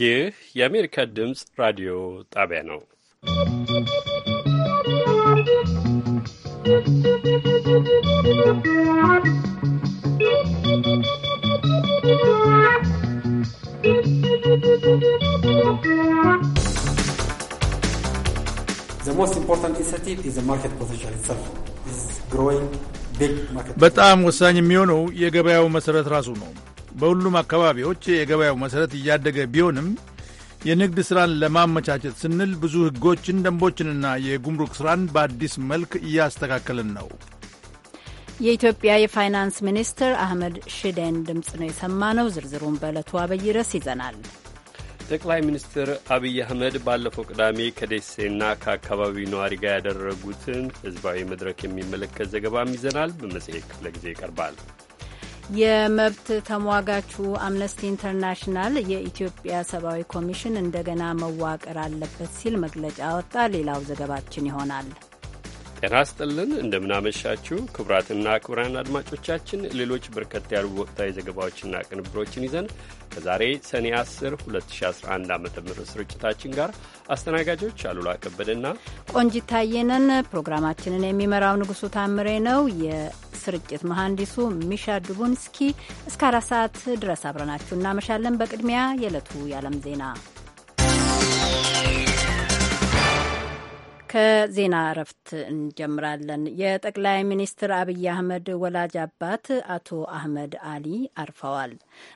ይህ የአሜሪካ ድምፅ ራዲዮ ጣቢያ ነው። በጣም ወሳኝ የሚሆነው የገበያው መሠረት ራሱ ነው። በሁሉም አካባቢዎች የገበያው መሠረት እያደገ ቢሆንም የንግድ ሥራን ለማመቻቸት ስንል ብዙ ሕጎችን፣ ደንቦችንና የጉምሩክ ሥራን በአዲስ መልክ እያስተካከልን ነው። የኢትዮጵያ የፋይናንስ ሚኒስትር አህመድ ሽዴን ድምፅ ነው የሰማነው። ዝርዝሩን በዕለቱ አብይ ርዕስ ይዘናል። ጠቅላይ ሚኒስትር አብይ አህመድ ባለፈው ቅዳሜ ከደሴና ከአካባቢው ነዋሪ ጋር ያደረጉትን ህዝባዊ መድረክ የሚመለከት ዘገባም ይዘናል። በመጽሔት ክፍለ ጊዜ ይቀርባል። የመብት ተሟጋቹ አምነስቲ ኢንተርናሽናል የኢትዮጵያ ሰብአዊ ኮሚሽን እንደገና መዋቅር አለበት ሲል መግለጫ አወጣ። ሌላው ዘገባችን ይሆናል። ጤና ስጥልን እንደምናመሻችሁ ክቡራትና ክቡራን አድማጮቻችን ሌሎች በርከት ያሉ ወቅታዊ ዘገባዎችና ቅንብሮችን ይዘን ከዛሬ ሰኔ 10 2011 ዓ ም ስርጭታችን ጋር አስተናጋጆች አሉላ ከበደና ቆንጂት ታየነን ፕሮግራማችንን የሚመራው ንጉሱ ታምሬ ነው። የስርጭት መሐንዲሱ ሚሻ ዱቡንስኪ። እስከ አራት ሰዓት ድረስ አብረናችሁ እናመሻለን። በቅድሚያ የዕለቱ የዓለም ዜና ከዜና እረፍት እንጀምራለን። የጠቅላይ ሚኒስትር አብይ አህመድ ወላጅ አባት አቶ አህመድ አሊ አርፈዋል።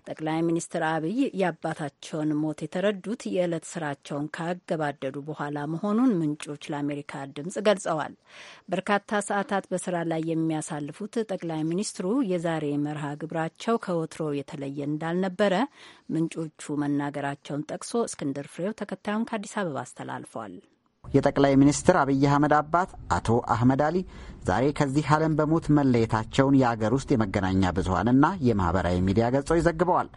ጠቅላይ ሚኒስትር አብይ የአባታቸውን ሞት የተረዱት የዕለት ስራቸውን ካገባደዱ በኋላ መሆኑን ምንጮች ለአሜሪካ ድምጽ ገልጸዋል። በርካታ ሰዓታት በስራ ላይ የሚያሳልፉት ጠቅላይ ሚኒስትሩ የዛሬ መርሃ ግብራቸው ከወትሮ የተለየ እንዳልነበረ ምንጮቹ መናገራቸውን ጠቅሶ እስክንድር ፍሬው ተከታዩን ከአዲስ አበባ አስተላልፏል። የጠቅላይ ሚኒስትር አብይ አህመድ አባት አቶ አህመድ አሊ ዛሬ ከዚህ ዓለም በሞት መለየታቸውን የአገር ውስጥ የመገናኛ ብዙሀንና የማኅበራዊ ሚዲያ ገጾች ዘግበዋል።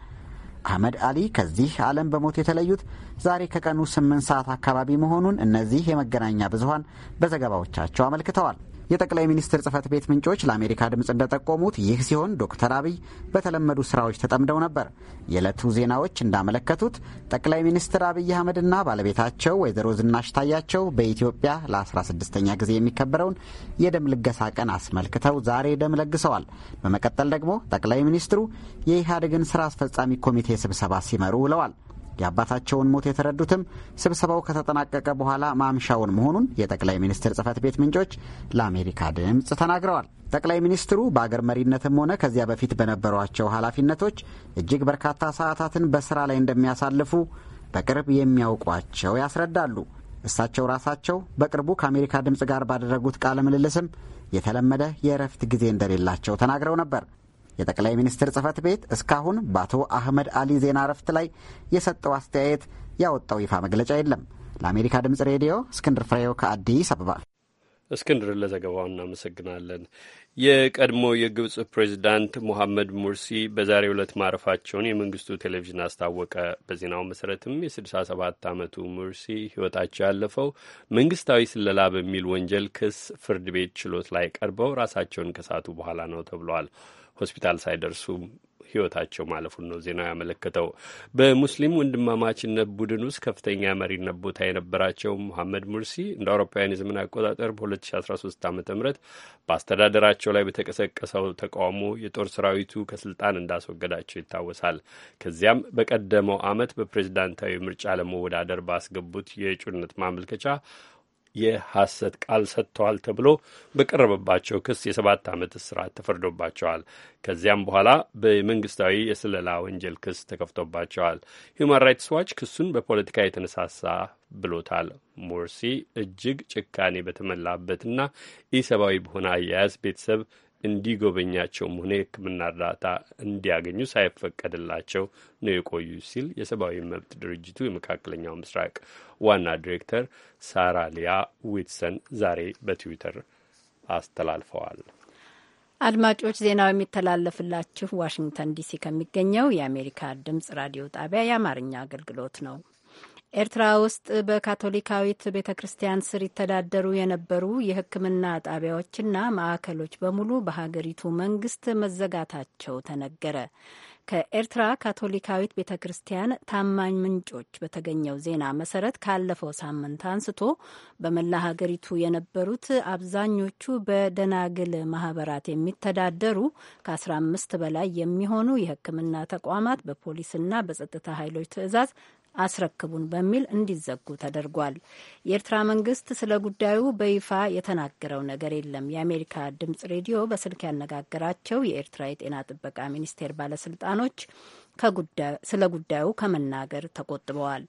አህመድ አሊ ከዚህ ዓለም በሞት የተለዩት ዛሬ ከቀኑ ስምንት ሰዓት አካባቢ መሆኑን እነዚህ የመገናኛ ብዙሀን በዘገባዎቻቸው አመልክተዋል። የጠቅላይ ሚኒስትር ጽህፈት ቤት ምንጮች ለአሜሪካ ድምፅ እንደጠቆሙት ይህ ሲሆን ዶክተር አብይ በተለመዱ ስራዎች ተጠምደው ነበር። የዕለቱ ዜናዎች እንዳመለከቱት ጠቅላይ ሚኒስትር አብይ አህመድና ባለቤታቸው ወይዘሮ ዝናሽ ታያቸው በኢትዮጵያ ለ16ኛ ጊዜ የሚከበረውን የደም ልገሳ ቀን አስመልክተው ዛሬ ደም ለግሰዋል። በመቀጠል ደግሞ ጠቅላይ ሚኒስትሩ የኢህአዴግን ስራ አስፈጻሚ ኮሚቴ ስብሰባ ሲመሩ ውለዋል። የአባታቸውን ሞት የተረዱትም ስብሰባው ከተጠናቀቀ በኋላ ማምሻውን መሆኑን የጠቅላይ ሚኒስትር ጽህፈት ቤት ምንጮች ለአሜሪካ ድምፅ ተናግረዋል። ጠቅላይ ሚኒስትሩ በአገር መሪነትም ሆነ ከዚያ በፊት በነበሯቸው ኃላፊነቶች እጅግ በርካታ ሰዓታትን በስራ ላይ እንደሚያሳልፉ በቅርብ የሚያውቋቸው ያስረዳሉ። እሳቸው ራሳቸው በቅርቡ ከአሜሪካ ድምፅ ጋር ባደረጉት ቃለ ምልልስም የተለመደ የእረፍት ጊዜ እንደሌላቸው ተናግረው ነበር። የጠቅላይ ሚኒስትር ጽህፈት ቤት እስካሁን በአቶ አህመድ አሊ ዜና እረፍት ላይ የሰጠው አስተያየት ያወጣው ይፋ መግለጫ የለም። ለአሜሪካ ድምጽ ሬዲዮ እስክንድር ፍሬው ከአዲስ አበባ። እስክንድር ለዘገባው እናመሰግናለን። የቀድሞ የግብጽ ፕሬዚዳንት ሞሐመድ ሙርሲ በዛሬው ዕለት ማረፋቸውን የመንግስቱ ቴሌቪዥን አስታወቀ። በዜናው መሰረትም የ67 ዓመቱ ሙርሲ ህይወታቸው ያለፈው መንግስታዊ ስለላ በሚል ወንጀል ክስ ፍርድ ቤት ችሎት ላይ ቀርበው ራሳቸውን ከሳቱ በኋላ ነው ተብሏል። ሆስፒታል ሳይደርሱ ህይወታቸው ማለፉን ነው ዜናው ያመለከተው። በሙስሊም ወንድማማችነት ቡድን ውስጥ ከፍተኛ መሪነት ቦታ የነበራቸው ሙሐመድ ሙርሲ እንደ አውሮፓውያን የዘመን አቆጣጠር በ2013 ዓ ም በአስተዳደራቸው ላይ በተቀሰቀሰው ተቃውሞ የጦር ሰራዊቱ ከስልጣን እንዳስወገዳቸው ይታወሳል። ከዚያም በቀደመው አመት በፕሬዝዳንታዊ ምርጫ ለመወዳደር ባስገቡት የእጩነት ማመልከቻ የሐሰት ቃል ሰጥተዋል ተብሎ በቀረበባቸው ክስ የሰባት ዓመት እስራት ተፈርዶባቸዋል። ከዚያም በኋላ በመንግስታዊ የስለላ ወንጀል ክስ ተከፍቶባቸዋል። ሂዩማን ራይትስ ዋች ክሱን በፖለቲካ የተነሳሳ ብሎታል። ሞርሲ እጅግ ጭካኔ በተሞላበትና ኢሰብአዊ በሆነ አያያዝ ቤተሰብ እንዲጎበኛቸውም ሆነ የሕክምና እርዳታ እንዲያገኙ ሳይፈቀድላቸው ነው የቆዩ ሲል የሰብአዊ መብት ድርጅቱ የመካከለኛው ምስራቅ ዋና ዲሬክተር ሳራ ሊያ ዊትሰን ዛሬ በትዊተር አስተላልፈዋል። አድማጮች ዜናው የሚተላለፍላችሁ ዋሽንግተን ዲሲ ከሚገኘው የአሜሪካ ድምጽ ራዲዮ ጣቢያ የአማርኛ አገልግሎት ነው። ኤርትራ ውስጥ በካቶሊካዊት ቤተ ክርስቲያን ስር ይተዳደሩ የነበሩ የሕክምና ጣቢያዎችና ማዕከሎች በሙሉ በሀገሪቱ መንግስት መዘጋታቸው ተነገረ። ከኤርትራ ካቶሊካዊት ቤተ ክርስቲያን ታማኝ ምንጮች በተገኘው ዜና መሰረት ካለፈው ሳምንት አንስቶ በመላ ሀገሪቱ የነበሩት አብዛኞቹ በደናግል ማህበራት የሚተዳደሩ ከ15 በላይ የሚሆኑ የህክምና ተቋማት በፖሊስና በጸጥታ ኃይሎች ትዕዛዝ አስረክቡን በሚል እንዲዘጉ ተደርጓል። የኤርትራ መንግስት ስለ ጉዳዩ በይፋ የተናገረው ነገር የለም። የአሜሪካ ድምጽ ሬዲዮ በስልክ ያነጋገራቸው የኤርትራ የጤና ጥበቃ ሚኒስቴር ባለስልጣኖች ስለ ጉዳዩ ከመናገር ተቆጥበዋል።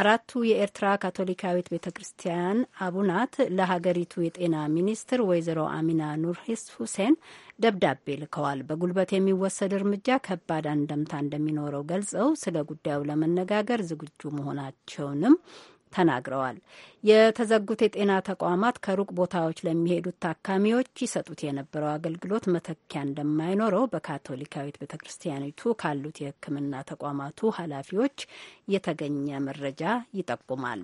አራቱ የኤርትራ ካቶሊካዊት ቤተ ክርስቲያን አቡናት ለሀገሪቱ የጤና ሚኒስትር ወይዘሮ አሚና ኑርሂስ ሁሴን ደብዳቤ ልከዋል። በጉልበት የሚወሰድ እርምጃ ከባድ አንደምታ እንደሚኖረው ገልጸው ስለ ጉዳዩ ለመነጋገር ዝግጁ መሆናቸውንም ተናግረዋል። የተዘጉት የጤና ተቋማት ከሩቅ ቦታዎች ለሚሄዱት ታካሚዎች ይሰጡት የነበረው አገልግሎት መተኪያ እንደማይኖረው በካቶሊካዊት ቤተ ክርስቲያኒቱ ካሉት የሕክምና ተቋማቱ ኃላፊዎች የተገኘ መረጃ ይጠቁማል።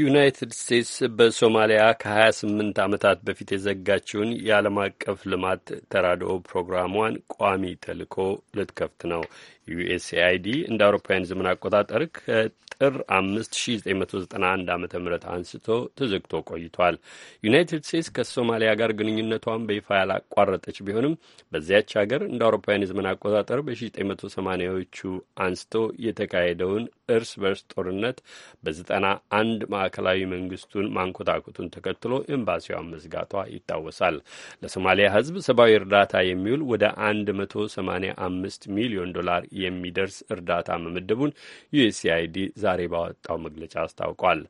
ዩናይትድ ስቴትስ በሶማሊያ ከ28 ዓመታት በፊት የዘጋችውን የዓለም አቀፍ ልማት ተራድኦ ፕሮግራሟን ቋሚ ተልዕኮ ልትከፍት ነው። ዩኤስኤአይዲ እንደ አውሮፓውያን ዘመን አቆጣጠር ከጥር 5991 ዓ ም አንስቶ ተዘግቶ ቆይቷል። ዩናይትድ ስቴትስ ከሶማሊያ ጋር ግንኙነቷን በይፋ ያላቋረጠች ቢሆንም በዚያች ሀገር እንደ አውሮፓውያን የዘመን አቆጣጠር በ1980ዎቹ አንስቶ የተካሄደውን እርስ በርስ ጦርነት በዘጠና አንድ ማዕከላዊ መንግስቱን ማንኮታኮቱን ተከትሎ ኤምባሲዋን መዝጋቷ ይታወሳል። ለሶማሊያ ሕዝብ ሰብአዊ እርዳታ የሚውል ወደ 185 ሚሊዮን ዶላር የሚደርስ እርዳታ መመደቡን ዩኤስኤአይዲ ዛሬ ባወጣው መግለጫ አስታውቋል።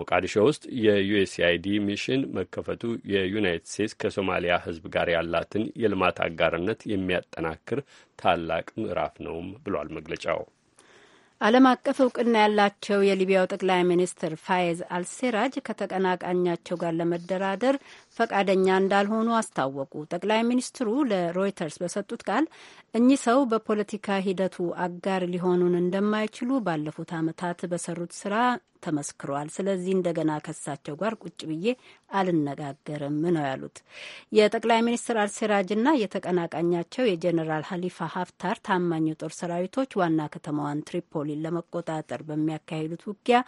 ሞቃዲሾ ውስጥ የዩኤስኤአይዲ ሚሽን መከፈቱ የዩናይትድ ስቴትስ ከሶማሊያ ሕዝብ ጋር ያላትን የልማት አጋርነት የሚያጠናክር ታላቅ ምዕራፍ ነውም ብሏል መግለጫው። ዓለም አቀፍ እውቅና ያላቸው የሊቢያው ጠቅላይ ሚኒስትር ፋይዝ አልሴራጅ ከተቀናቃኛቸው ጋር ለመደራደር ፈቃደኛ እንዳልሆኑ አስታወቁ። ጠቅላይ ሚኒስትሩ ለሮይተርስ በሰጡት ቃል እኚህ ሰው በፖለቲካ ሂደቱ አጋር ሊሆኑን እንደማይችሉ ባለፉት ዓመታት በሰሩት ስራ ተመስክሯል። ስለዚህ እንደገና ከሳቸው ጋር ቁጭ ብዬ አልነጋገርም ነው ያሉት። የጠቅላይ ሚኒስትር አልሴራጅና የተቀናቃኛቸው የጀኔራል ሀሊፋ ሀፍታር ታማኝ የጦር ሰራዊቶች ዋና ከተማዋን ትሪፖሊን ለመቆጣጠር በሚያካሂዱት ውጊያ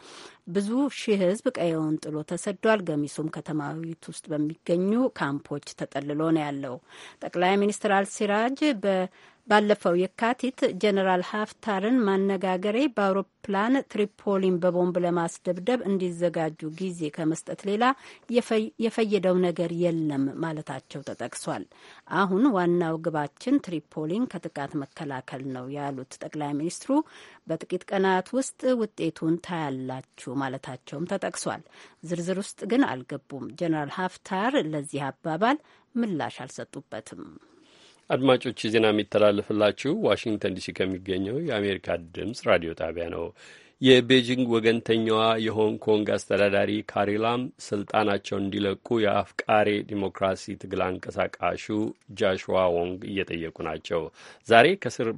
ብዙ ሺህ ህዝብ ቀየውን ጥሎ ተሰዷል። ገሚሱም ከተማዊት ውስጥ በሚ በሚገኙ ካምፖች ተጠልሎ ነው ያለው። ጠቅላይ ሚኒስትር አልሲራጅ በ ባለፈው የካቲት ጀነራል ሀፍታርን ማነጋገሬ በአውሮፕላን ትሪፖሊን በቦምብ ለማስደብደብ እንዲዘጋጁ ጊዜ ከመስጠት ሌላ የፈየደው ነገር የለም ማለታቸው ተጠቅሷል። አሁን ዋናው ግባችን ትሪፖሊን ከጥቃት መከላከል ነው ያሉት ጠቅላይ ሚኒስትሩ በጥቂት ቀናት ውስጥ ውጤቱን ታያላችሁ ማለታቸውም ተጠቅሷል። ዝርዝር ውስጥ ግን አልገቡም። ጀነራል ሀፍታር ለዚህ አባባል ምላሽ አልሰጡበትም። አድማጮች ዜና የሚተላለፍላችሁ ዋሽንግተን ዲሲ ከሚገኘው የአሜሪካ ድምፅ ራዲዮ ጣቢያ ነው። የቤጂንግ ወገንተኛዋ የሆንግ ኮንግ አስተዳዳሪ ካሪ ላም ስልጣናቸውን እንዲለቁ የአፍቃሬ ዲሞክራሲ ትግል አንቀሳቃሹ ጃሽዋ ወንግ እየጠየቁ ናቸው። ዛሬ ከእስር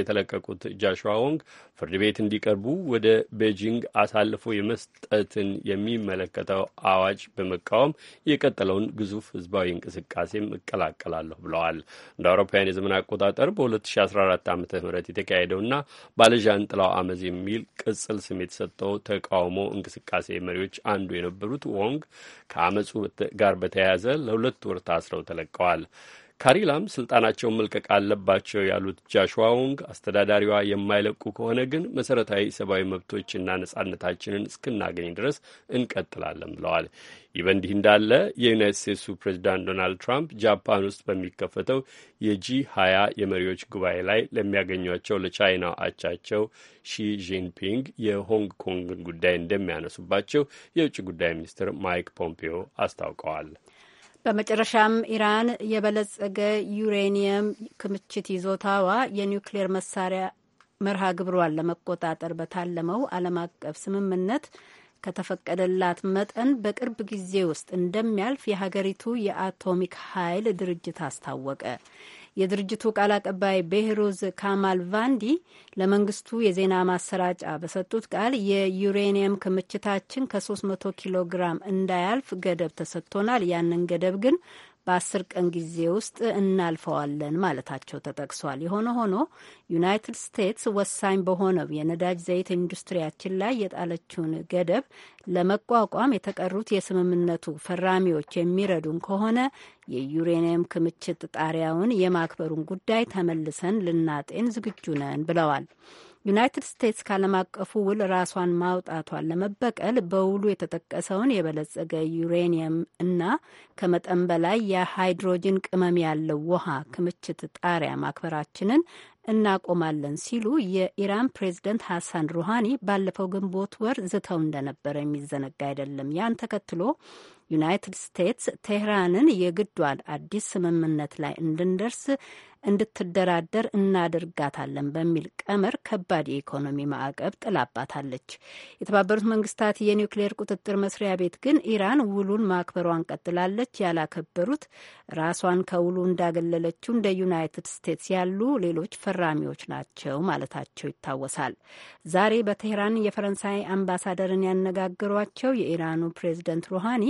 የተለቀቁት ጃሽዋ ወንግ ፍርድ ቤት እንዲቀርቡ ወደ ቤጂንግ አሳልፎ የመስጠትን የሚመለከተው አዋጅ በመቃወም የቀጠለውን ግዙፍ ህዝባዊ እንቅስቃሴም እቀላቀላለሁ ብለዋል። እንደ አውሮፓውያን የዘመን አቆጣጠር በ2014 ዓ ም የተካሄደውና ባለዣንጥላው አመዝ የሚል ቅጽል ስም የተሰጠው ተቃውሞ እንቅስቃሴ መሪዎች አንዱ የነበሩት ወንግ ከአመፁ ጋር በተያያዘ ለሁለት ወር ታስረው ተለቀዋል። ካሪላም ስልጣናቸውን መልቀቅ አለባቸው ያሉት ጃሽዋ አስተዳዳሪዋ የማይለቁ ከሆነ ግን መሠረታዊ ሰብአዊ መብቶችና ነጻነታችንን እስክናገኝ ድረስ እንቀጥላለን ብለዋል። ይህ በእንዲህ እንዳለ የዩናይት ስቴትሱ ፕሬዚዳንት ዶናልድ ትራምፕ ጃፓን ውስጥ በሚከፈተው የጂ ሀያ የመሪዎች ጉባኤ ላይ ለሚያገኟቸው ለቻይና አቻቸው ሺ ጂንፒንግ የሆንግ ኮንግን ጉዳይ እንደሚያነሱባቸው የውጭ ጉዳይ ሚኒስትር ማይክ ፖምፔዮ አስታውቀዋል። በመጨረሻም ኢራን የበለጸገ ዩሬኒየም ክምችት ይዞታዋ የኒውክሌር መሳሪያ መርሃ ግብሯን ለመቆጣጠር በታለመው ዓለም አቀፍ ስምምነት ከተፈቀደላት መጠን በቅርብ ጊዜ ውስጥ እንደሚያልፍ የሀገሪቱ የአቶሚክ ኃይል ድርጅት አስታወቀ። የድርጅቱ ቃል አቀባይ ቤህሩዝ ካማል ቫንዲ ለመንግስቱ የዜና ማሰራጫ በሰጡት ቃል የዩሬኒየም ክምችታችን ከ300 ኪሎ ግራም እንዳያልፍ ገደብ ተሰጥቶናል። ያንን ገደብ ግን በአስር ቀን ጊዜ ውስጥ እናልፈዋለን ማለታቸው ተጠቅሷል። የሆነ ሆኖ ዩናይትድ ስቴትስ ወሳኝ በሆነው የነዳጅ ዘይት ኢንዱስትሪያችን ላይ የጣለችውን ገደብ ለመቋቋም የተቀሩት የስምምነቱ ፈራሚዎች የሚረዱን ከሆነ የዩሬኒየም ክምችት ጣሪያውን የማክበሩን ጉዳይ ተመልሰን ልናጤን ዝግጁ ነን ብለዋል። ዩናይትድ ስቴትስ ከዓለም አቀፉ ውል ራሷን ማውጣቷን ለመበቀል በውሉ የተጠቀሰውን የበለጸገ ዩሬኒየም እና ከመጠን በላይ የሃይድሮጅን ቅመም ያለው ውሃ ክምችት ጣሪያ ማክበራችንን እናቆማለን ሲሉ የኢራን ፕሬዝደንት ሐሳን ሩሃኒ ባለፈው ግንቦት ወር ዝተው እንደነበረ የሚዘነጋ አይደለም። ያን ተከትሎ ዩናይትድ ስቴትስ ቴህራንን የግዷን አዲስ ስምምነት ላይ እንድንደርስ እንድትደራደር እናደርጋታለን በሚል ቀመር ከባድ የኢኮኖሚ ማዕቀብ ጥላባታለች። የተባበሩት መንግስታት የኒውክሌር ቁጥጥር መስሪያ ቤት ግን ኢራን ውሉን ማክበሯን ቀጥላለች። ያላከበሩት ራሷን ከውሉ እንዳገለለችው እንደ ዩናይትድ ስቴትስ ያሉ ሌሎች ፈራሚዎች ናቸው ማለታቸው ይታወሳል። ዛሬ በቴህራን የፈረንሳይ አምባሳደርን ያነጋግሯቸው የኢራኑ ፕሬዚደንት ሩሃኒ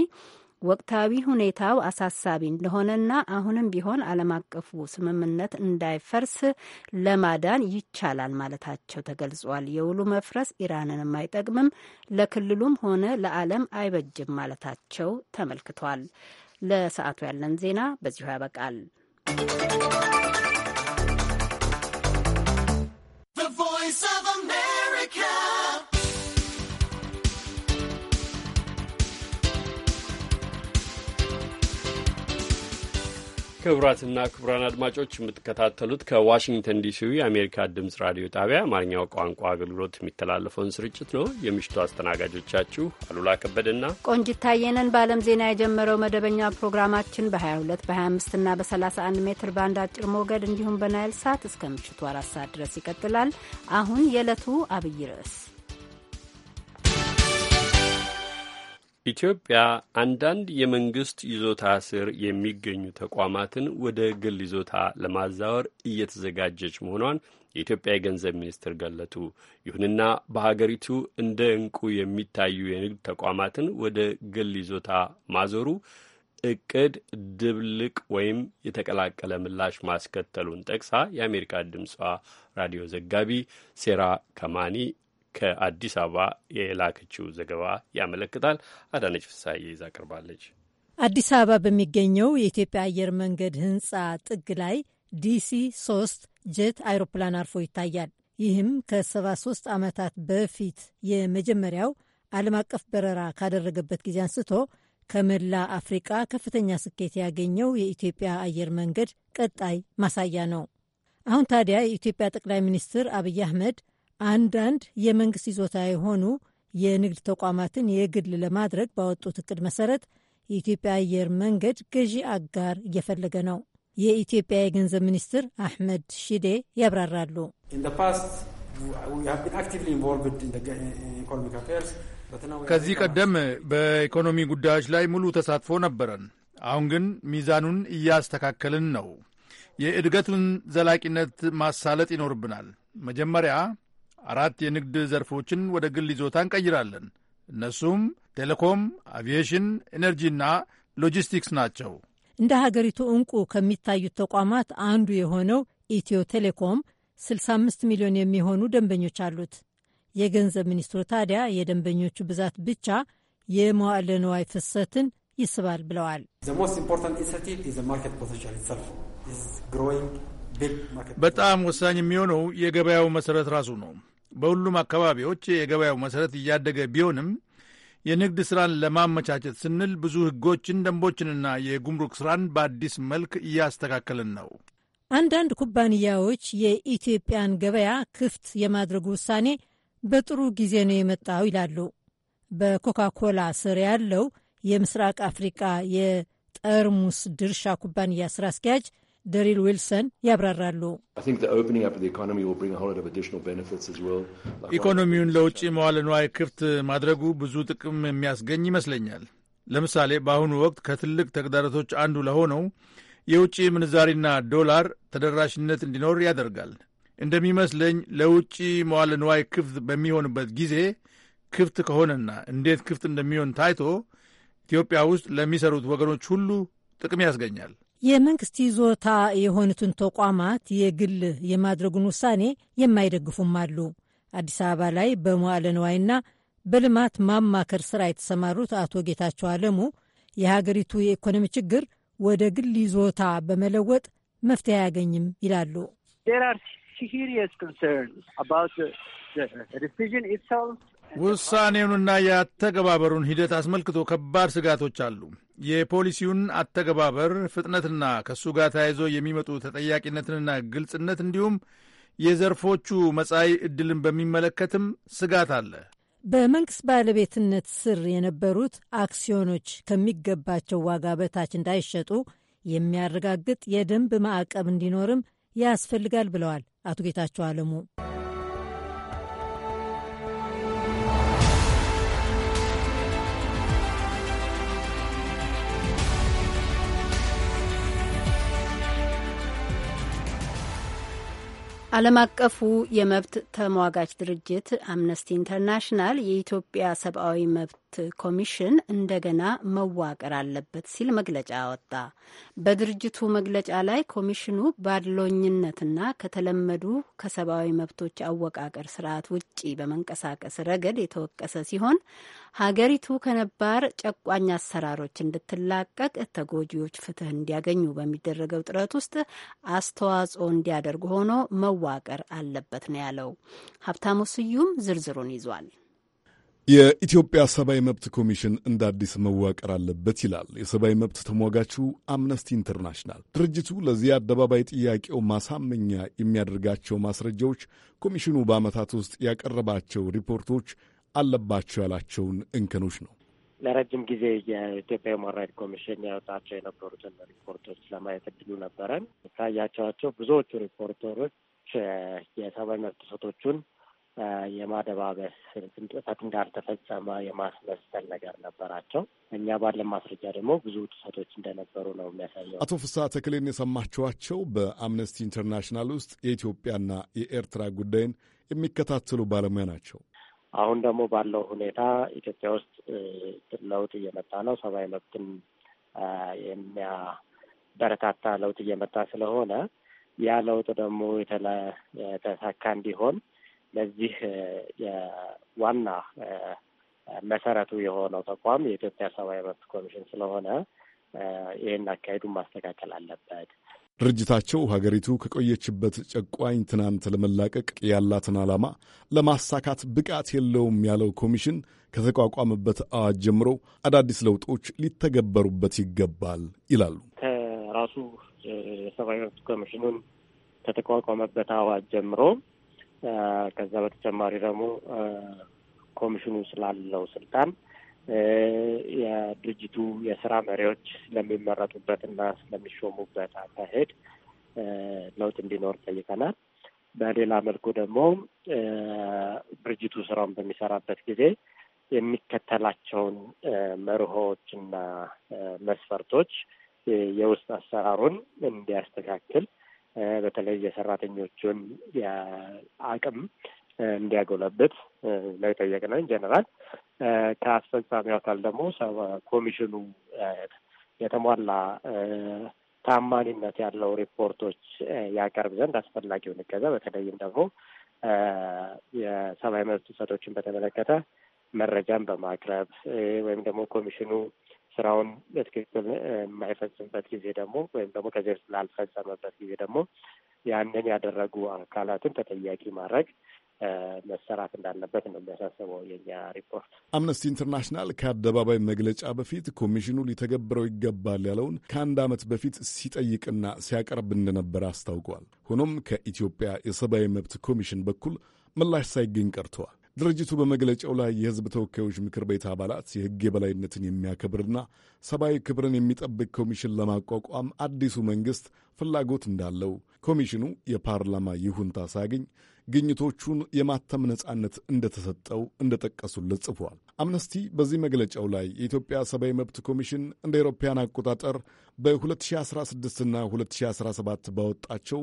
ወቅታዊ ሁኔታው አሳሳቢ እንደሆነና አሁንም ቢሆን ዓለም አቀፉ ስምምነት እንዳይፈርስ ለማዳን ይቻላል ማለታቸው ተገልጿል። የውሉ መፍረስ ኢራንንም አይጠቅምም፣ ለክልሉም ሆነ ለዓለም አይበጅም ማለታቸው ተመልክቷል። ለሰዓቱ ያለን ዜና በዚሁ ያበቃል። ክቡራትና ክቡራን አድማጮች የምትከታተሉት ከዋሽንግተን ዲሲ የአሜሪካ ድምፅ ራዲዮ ጣቢያ አማርኛው ቋንቋ አገልግሎት የሚተላለፈውን ስርጭት ነው። የምሽቱ አስተናጋጆቻችሁ አሉላ ከበደና ቆንጂት ታየነን። በዓለም ዜና የጀመረው መደበኛ ፕሮግራማችን በ22 በ25 እና በ31 ሜትር ባንድ አጭር ሞገድ እንዲሁም በናይል ሳት እስከ ምሽቱ አራት ሰዓት ድረስ ይቀጥላል። አሁን የዕለቱ አብይ ርዕስ ኢትዮጵያ አንዳንድ የመንግስት ይዞታ ስር የሚገኙ ተቋማትን ወደ ግል ይዞታ ለማዛወር እየተዘጋጀች መሆኗን የኢትዮጵያ የገንዘብ ሚኒስትር ገለጡ። ይሁንና በሀገሪቱ እንደ እንቁ የሚታዩ የንግድ ተቋማትን ወደ ግል ይዞታ ማዞሩ እቅድ ድብልቅ ወይም የተቀላቀለ ምላሽ ማስከተሉን ጠቅሳ የአሜሪካ ድምጿ ራዲዮ ዘጋቢ ሴራ ከማኒ ከአዲስ አበባ የላከችው ዘገባ ያመለክታል። አዳነች ፍሳዬ ይዛ ቀርባለች። አዲስ አበባ በሚገኘው የኢትዮጵያ አየር መንገድ ህንፃ ጥግ ላይ ዲሲ 3 ጀት አይሮፕላን አርፎ ይታያል። ይህም ከ73 ዓመታት በፊት የመጀመሪያው ዓለም አቀፍ በረራ ካደረገበት ጊዜ አንስቶ ከመላ አፍሪቃ ከፍተኛ ስኬት ያገኘው የኢትዮጵያ አየር መንገድ ቀጣይ ማሳያ ነው። አሁን ታዲያ የኢትዮጵያ ጠቅላይ ሚኒስትር አብይ አህመድ አንዳንድ የመንግስት ይዞታ የሆኑ የንግድ ተቋማትን የግል ለማድረግ ባወጡት እቅድ መሰረት የኢትዮጵያ አየር መንገድ ገዢ አጋር እየፈለገ ነው። የኢትዮጵያ የገንዘብ ሚኒስትር አሕመድ ሺዴ ያብራራሉ። ከዚህ ቀደም በኢኮኖሚ ጉዳዮች ላይ ሙሉ ተሳትፎ ነበረን። አሁን ግን ሚዛኑን እያስተካከልን ነው። የእድገቱን ዘላቂነት ማሳለጥ ይኖርብናል። መጀመሪያ አራት የንግድ ዘርፎችን ወደ ግል ይዞታ እንቀይራለን። እነሱም ቴሌኮም፣ አቪዬሽን፣ ኤነርጂና ሎጂስቲክስ ናቸው። እንደ ሀገሪቱ እንቁ ከሚታዩት ተቋማት አንዱ የሆነው ኢትዮ ቴሌኮም 65 ሚሊዮን የሚሆኑ ደንበኞች አሉት። የገንዘብ ሚኒስትሩ ታዲያ የደንበኞቹ ብዛት ብቻ የመዋዕለ ንዋይ ፍሰትን ይስባል ብለዋል። በጣም ወሳኝ የሚሆነው የገበያው መሰረት ራሱ ነው። በሁሉም አካባቢዎች የገበያው መሠረት እያደገ ቢሆንም የንግድ ሥራን ለማመቻቸት ስንል ብዙ ሕጎችን፣ ደንቦችንና የጉምሩክ ሥራን በአዲስ መልክ እያስተካከልን ነው። አንዳንድ ኩባንያዎች የኢትዮጵያን ገበያ ክፍት የማድረጉ ውሳኔ በጥሩ ጊዜ ነው የመጣው ይላሉ። በኮካ ኮላ ስር ያለው የምስራቅ አፍሪቃ የጠርሙስ ድርሻ ኩባንያ ስራ አስኪያጅ ደሪል ዊልሰን ያብራራሉ። ኢኮኖሚውን ለውጭ መዋለ ንዋይ ክፍት ማድረጉ ብዙ ጥቅም የሚያስገኝ ይመስለኛል። ለምሳሌ በአሁኑ ወቅት ከትልቅ ተግዳሮቶች አንዱ ለሆነው የውጭ ምንዛሪና ዶላር ተደራሽነት እንዲኖር ያደርጋል። እንደሚመስለኝ ለውጭ መዋለ ንዋይ ክፍት በሚሆንበት ጊዜ ክፍት ከሆነና እንዴት ክፍት እንደሚሆን ታይቶ ኢትዮጵያ ውስጥ ለሚሰሩት ወገኖች ሁሉ ጥቅም ያስገኛል። የመንግስት ይዞታ የሆኑትን ተቋማት የግል የማድረጉን ውሳኔ የማይደግፉም አሉ። አዲስ አበባ ላይ በመዋለ ንዋይና በልማት ማማከር ስራ የተሰማሩት አቶ ጌታቸው አለሙ የሀገሪቱ የኢኮኖሚ ችግር ወደ ግል ይዞታ በመለወጥ መፍትሄ አያገኝም ይላሉ። ውሳኔውንና የአተገባበሩን ሂደት አስመልክቶ ከባድ ስጋቶች አሉ። የፖሊሲውን አተገባበር ፍጥነትና ከእሱ ጋር ተያይዞ የሚመጡ ተጠያቂነትንና ግልጽነት እንዲሁም የዘርፎቹ መጻኢ ዕድልን በሚመለከትም ስጋት አለ። በመንግሥት ባለቤትነት ስር የነበሩት አክሲዮኖች ከሚገባቸው ዋጋ በታች እንዳይሸጡ የሚያረጋግጥ የደንብ ማዕቀብ እንዲኖርም ያስፈልጋል ብለዋል አቶ ጌታቸው አለሙ። ዓለም አቀፉ የመብት ተሟጋች ድርጅት አምነስቲ ኢንተርናሽናል የኢትዮጵያ ሰብአዊ መብት ኮሚሽን እንደገና መዋቅር አለበት ሲል መግለጫ አወጣ። በድርጅቱ መግለጫ ላይ ኮሚሽኑ ባድሎኝነትና ከተለመዱ ከሰብአዊ መብቶች አወቃቀር ስርዓት ውጪ በመንቀሳቀስ ረገድ የተወቀሰ ሲሆን ሀገሪቱ ከነባር ጨቋኝ አሰራሮች እንድትላቀቅ ተጎጂዎች ፍትህ እንዲያገኙ በሚደረገው ጥረት ውስጥ አስተዋጽኦ እንዲያደርጉ ሆኖ መዋቅር አለበት ነው ያለው። ሀብታሙ ስዩም ዝርዝሩን ይዟል። የኢትዮጵያ ሰብአዊ መብት ኮሚሽን እንደ አዲስ መዋቀር አለበት ይላል የሰብአዊ መብት ተሟጋቹ አምነስቲ ኢንተርናሽናል። ድርጅቱ ለዚህ አደባባይ ጥያቄው ማሳመኛ የሚያደርጋቸው ማስረጃዎች ኮሚሽኑ በዓመታት ውስጥ ያቀረባቸው ሪፖርቶች አለባቸው ያላቸውን እንከኖች ነው። ለረጅም ጊዜ የኢትዮጵያ ሁማን ራይት ኮሚሽን ያወጣቸው የነበሩትን ሪፖርቶች ለማየት እድሉ ነበረን። ካያቸዋቸው ብዙዎቹ ሪፖርተሮች የሰብአዊ መብት ጥሰቶቹን የማደባበስ ጥሰት እንዳልተፈጸመ የማስመሰል ነገር ነበራቸው። እኛ ባለ ማስረጃ ደግሞ ብዙ ጥሰቶች እንደነበሩ ነው የሚያሳየው። አቶ ፍሳ ተክሌን የሰማችኋቸው በአምነስቲ ኢንተርናሽናል ውስጥ የኢትዮጵያና የኤርትራ ጉዳይን የሚከታተሉ ባለሙያ ናቸው። አሁን ደግሞ ባለው ሁኔታ ኢትዮጵያ ውስጥ ለውጥ እየመጣ ነው። ሰብአዊ መብትን የሚያበረታታ ለውጥ እየመጣ ስለሆነ ያ ለውጥ ደግሞ የተሳካ እንዲሆን ለዚህ የዋና መሰረቱ የሆነው ተቋም የኢትዮጵያ ሰብአዊ መብት ኮሚሽን ስለሆነ ይህን አካሄዱን ማስተካከል አለበት። ድርጅታቸው ሀገሪቱ ከቆየችበት ጨቋኝ ትናንት ለመላቀቅ ያላትን ዓላማ ለማሳካት ብቃት የለውም ያለው ኮሚሽን ከተቋቋመበት አዋጅ ጀምሮ አዳዲስ ለውጦች ሊተገበሩበት ይገባል ይላሉ። ከራሱ የሰብአዊ መብት ኮሚሽኑን ከተቋቋመበት አዋጅ ጀምሮ ከዛ በተጨማሪ ደግሞ ኮሚሽኑ ስላለው ስልጣን የድርጅቱ የስራ መሪዎች ስለሚመረጡበትና ስለሚሾሙበት አካሄድ ለውጥ እንዲኖር ጠይቀናል። በሌላ መልኩ ደግሞ ድርጅቱ ስራውን በሚሰራበት ጊዜ የሚከተላቸውን መርሆዎችና መስፈርቶች የውስጥ አሰራሩን እንዲያስተካክል በተለይ የሰራተኞቹን አቅም እንዲያጎለብት ነው የጠየቅነው። ጀነራል ከአስፈጻሚ አካል ደግሞ ኮሚሽኑ የተሟላ ታማኒነት ያለው ሪፖርቶች ያቀርብ ዘንድ አስፈላጊውን እገዛ በተለይም ደግሞ የሰብአዊ መብት ጥሰቶችን በተመለከተ መረጃን በማቅረብ ወይም ደግሞ ኮሚሽኑ ስራውን በትክክል የማይፈጽምበት ጊዜ ደግሞ ወይም ደግሞ ከዚህ በፊት ላልፈጸመበት ጊዜ ደግሞ ያንን ያደረጉ አካላትን ተጠያቂ ማድረግ መሰራት እንዳለበት ነው የሚያሳስበው የኛ ሪፖርት። አምነስቲ ኢንተርናሽናል ከአደባባይ መግለጫ በፊት ኮሚሽኑ ሊተገብረው ይገባል ያለውን ከአንድ ዓመት በፊት ሲጠይቅና ሲያቀርብ እንደነበረ አስታውቋል። ሆኖም ከኢትዮጵያ የሰብአዊ መብት ኮሚሽን በኩል ምላሽ ሳይገኝ ቀርተዋል። ድርጅቱ በመግለጫው ላይ የህዝብ ተወካዮች ምክር ቤት አባላት የህግ የበላይነትን የሚያከብርና ሰብአዊ ክብርን የሚጠብቅ ኮሚሽን ለማቋቋም አዲሱ መንግሥት ፍላጎት እንዳለው ኮሚሽኑ የፓርላማ ይሁንታ ሳያገኝ ግኝቶቹን የማተም ነጻነት እንደተሰጠው እንደጠቀሱለት ጽፏል። አምነስቲ በዚህ መግለጫው ላይ የኢትዮጵያ ሰብአዊ መብት ኮሚሽን እንደ አውሮፓውያን አቆጣጠር በ2016ና 2017 ባወጣቸው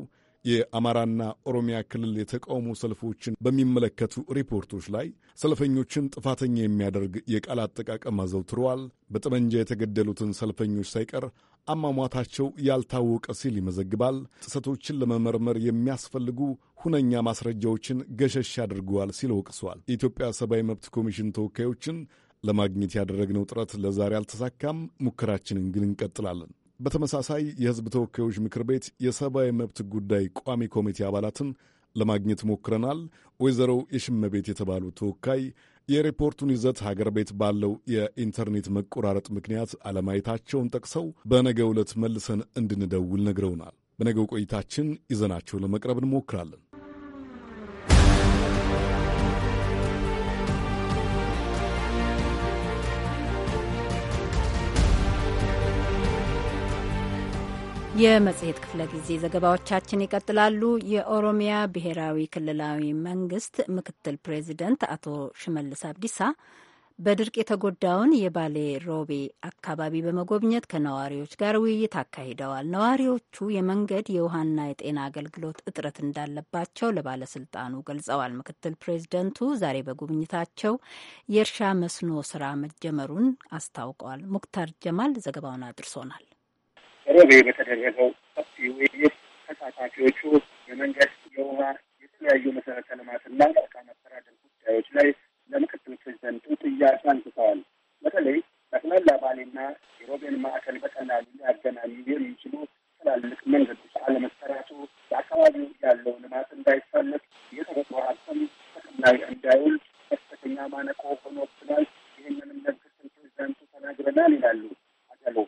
የአማራና ኦሮሚያ ክልል የተቃውሞ ሰልፎችን በሚመለከቱ ሪፖርቶች ላይ ሰልፈኞችን ጥፋተኛ የሚያደርግ የቃል አጠቃቀም አዘውትረዋል። በጠመንጃ የተገደሉትን ሰልፈኞች ሳይቀር አሟሟታቸው ያልታወቀ ሲል ይመዘግባል። ጥሰቶችን ለመመርመር የሚያስፈልጉ ሁነኛ ማስረጃዎችን ገሸሽ አድርገዋል ሲል ወቅሷል። የኢትዮጵያ ሰብአዊ መብት ኮሚሽን ተወካዮችን ለማግኘት ያደረግነው ጥረት ለዛሬ አልተሳካም። ሙከራችንን ግን እንቀጥላለን። በተመሳሳይ የህዝብ ተወካዮች ምክር ቤት የሰብአዊ መብት ጉዳይ ቋሚ ኮሚቴ አባላትን ለማግኘት ሞክረናል። ወይዘሮ የሽመቤት የተባሉ ተወካይ የሪፖርቱን ይዘት ሀገር ቤት ባለው የኢንተርኔት መቆራረጥ ምክንያት አለማየታቸውን ጠቅሰው በነገ ዕለት መልሰን እንድንደውል ነግረውናል። በነገው ቆይታችን ይዘናቸው ለመቅረብ እንሞክራለን። የመጽሔት ክፍለ ጊዜ ዘገባዎቻችን ይቀጥላሉ። የኦሮሚያ ብሔራዊ ክልላዊ መንግስት ምክትል ፕሬዚደንት አቶ ሽመልስ አብዲሳ በድርቅ የተጎዳውን የባሌ ሮቤ አካባቢ በመጎብኘት ከነዋሪዎች ጋር ውይይት አካሂደዋል። ነዋሪዎቹ የመንገድ የውሃና የጤና አገልግሎት እጥረት እንዳለባቸው ለባለስልጣኑ ገልጸዋል። ምክትል ፕሬዚደንቱ ዛሬ በጉብኝታቸው የእርሻ መስኖ ስራ መጀመሩን አስታውቀዋል። ሙክታር ጀማል ዘገባውን አድርሶናል። ሮቤ በተደረገው ሰፊ ውይይት ተሳታፊዎቹ የመንገድ፣ የውሃ፣ የተለያዩ መሰረተ ልማትና መልካም አስተዳደር ጉዳዮች ላይ ለምክትል ፕሬዚደንቱ ጥያቄ አንስተዋል። በተለይ ጠቅላላ ባሌና የሮቤን ማዕከል በቀላሉ ሊያገናኙ የሚችሉ ትላልቅ መንገዶች አለመሰራቱ በአካባቢው ያለው ልማት እንዳይሳለፍ የተፈጥሮ ሀብትም ጥቅም ላይ እንዳይውል ከፍተኛ ማነቆ ሆኖብናል። ይህንንም ለምክትል ፕሬዚዳንቱ ተናግረናል ይላሉ አገሎ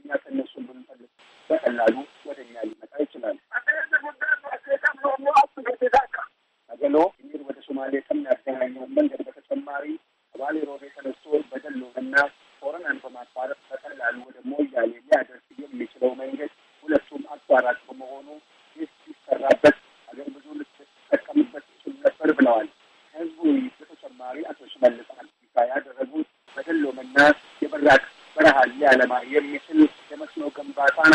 እኛ ከነሱን ብንፈልግ በቀላሉ ወደ እኛ ሊመጣ ይችላል። ነገሎ ይህን ወደ ሶማሌ ከሚያገናኘውን መንገድ በተጨማሪ ከባሌ ሮቤ ተነስቶ በደሎንና ሆረናን በማቋረጥ በቀላሉ ወደ ሞያሌ ሊያደርስ የሚችለው መንገድ ሁለቱም አቋራጭ በመሆኑ ይህ ሲሰራበት ሀገር ብዙ ልትጠቀምበት ይችል ነበር ብለዋል። ከህዝቡ ውይይት በተጨማሪ አቶ ሽመልስ አብዲሳ ያደረጉት በደሎምና ዓለማ የሚጥል የመስኖ ግንባታን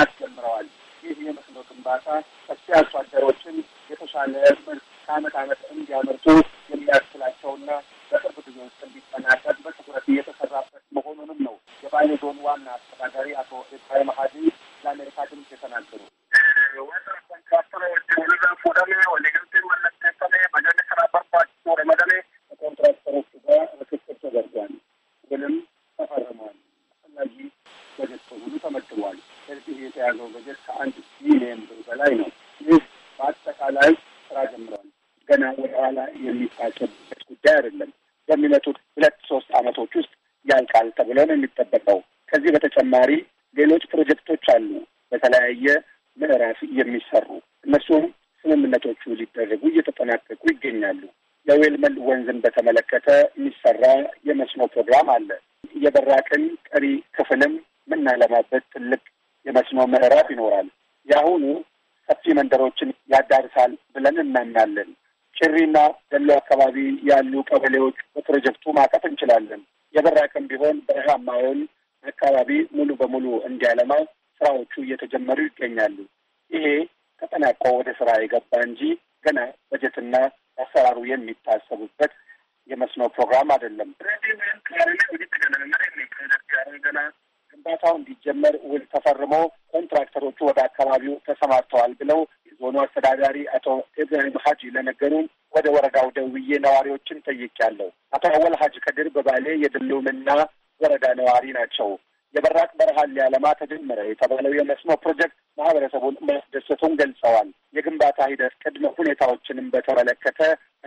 ማህበረሰቡን ማስደሰቱን ገልጸዋል። የግንባታ ሂደት ቅድመ ሁኔታዎችንም በተመለከተ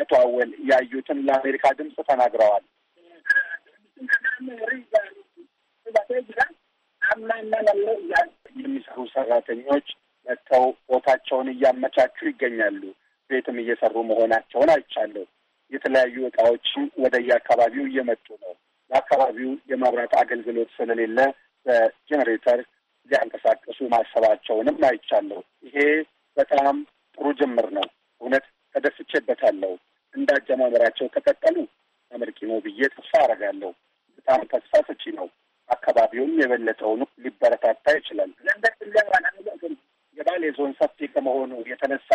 አቶ አወል ያዩትን ለአሜሪካ ድምፅ ተናግረዋል። የሚሰሩ ሰራተኞች መጥተው ቦታቸውን እያመቻቹ ይገኛሉ። ቤትም እየሰሩ መሆናቸውን አይቻለሁ። የተለያዩ እቃዎችም ወደ የአካባቢው እየመጡ ነው። ለአካባቢው የመብራት አገልግሎት ስለሌለ በጀኔሬተር ሊያንቀሳቀሱ ማሰባቸውንም አይቻለሁ። ይሄ በጣም ጥሩ ጅምር ነው። እውነት ተደስቼበታለሁ። እንዳጀማመራቸው ከቀጠሉ አመርቂ ነው ብዬ ተስፋ አደርጋለሁ። በጣም ተስፋ ሰጪ ነው። አካባቢውም የበለጠውን ሊበረታታ ይችላል። የባሌ ዞን ሰፊ ከመሆኑ የተነሳ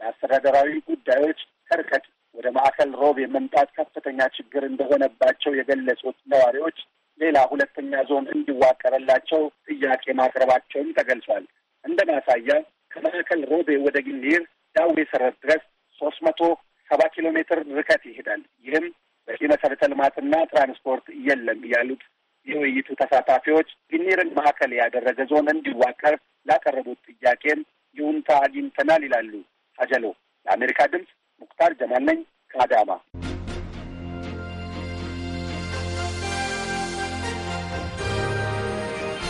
ለአስተዳደራዊ ጉዳዮች ከርቀት ወደ ማዕከል ሮብ የመምጣት ከፍተኛ ችግር እንደሆነባቸው የገለጹት ነዋሪዎች ሌላ ሁለተኛ ዞን እንዲዋቀርላቸው ጥያቄ ማቅረባቸውም ተገልጿል። እንደ ማሳያ ከማዕከል ሮቤ ወደ ግኒር ዳዌ ሰረት ድረስ ሶስት መቶ ሰባ ኪሎ ሜትር ርቀት ይሄዳል። ይህም በቂ መሰረተ ልማትና ትራንስፖርት የለም ያሉት የውይይቱ ተሳታፊዎች ግኒርን ማዕከል ያደረገ ዞን እንዲዋቀር ላቀረቡት ጥያቄም ይሁንታ አግኝተናል ይላሉ። አጀሎ ለአሜሪካ ድምፅ ሙክታር ጀማል ነኝ ከአዳማ።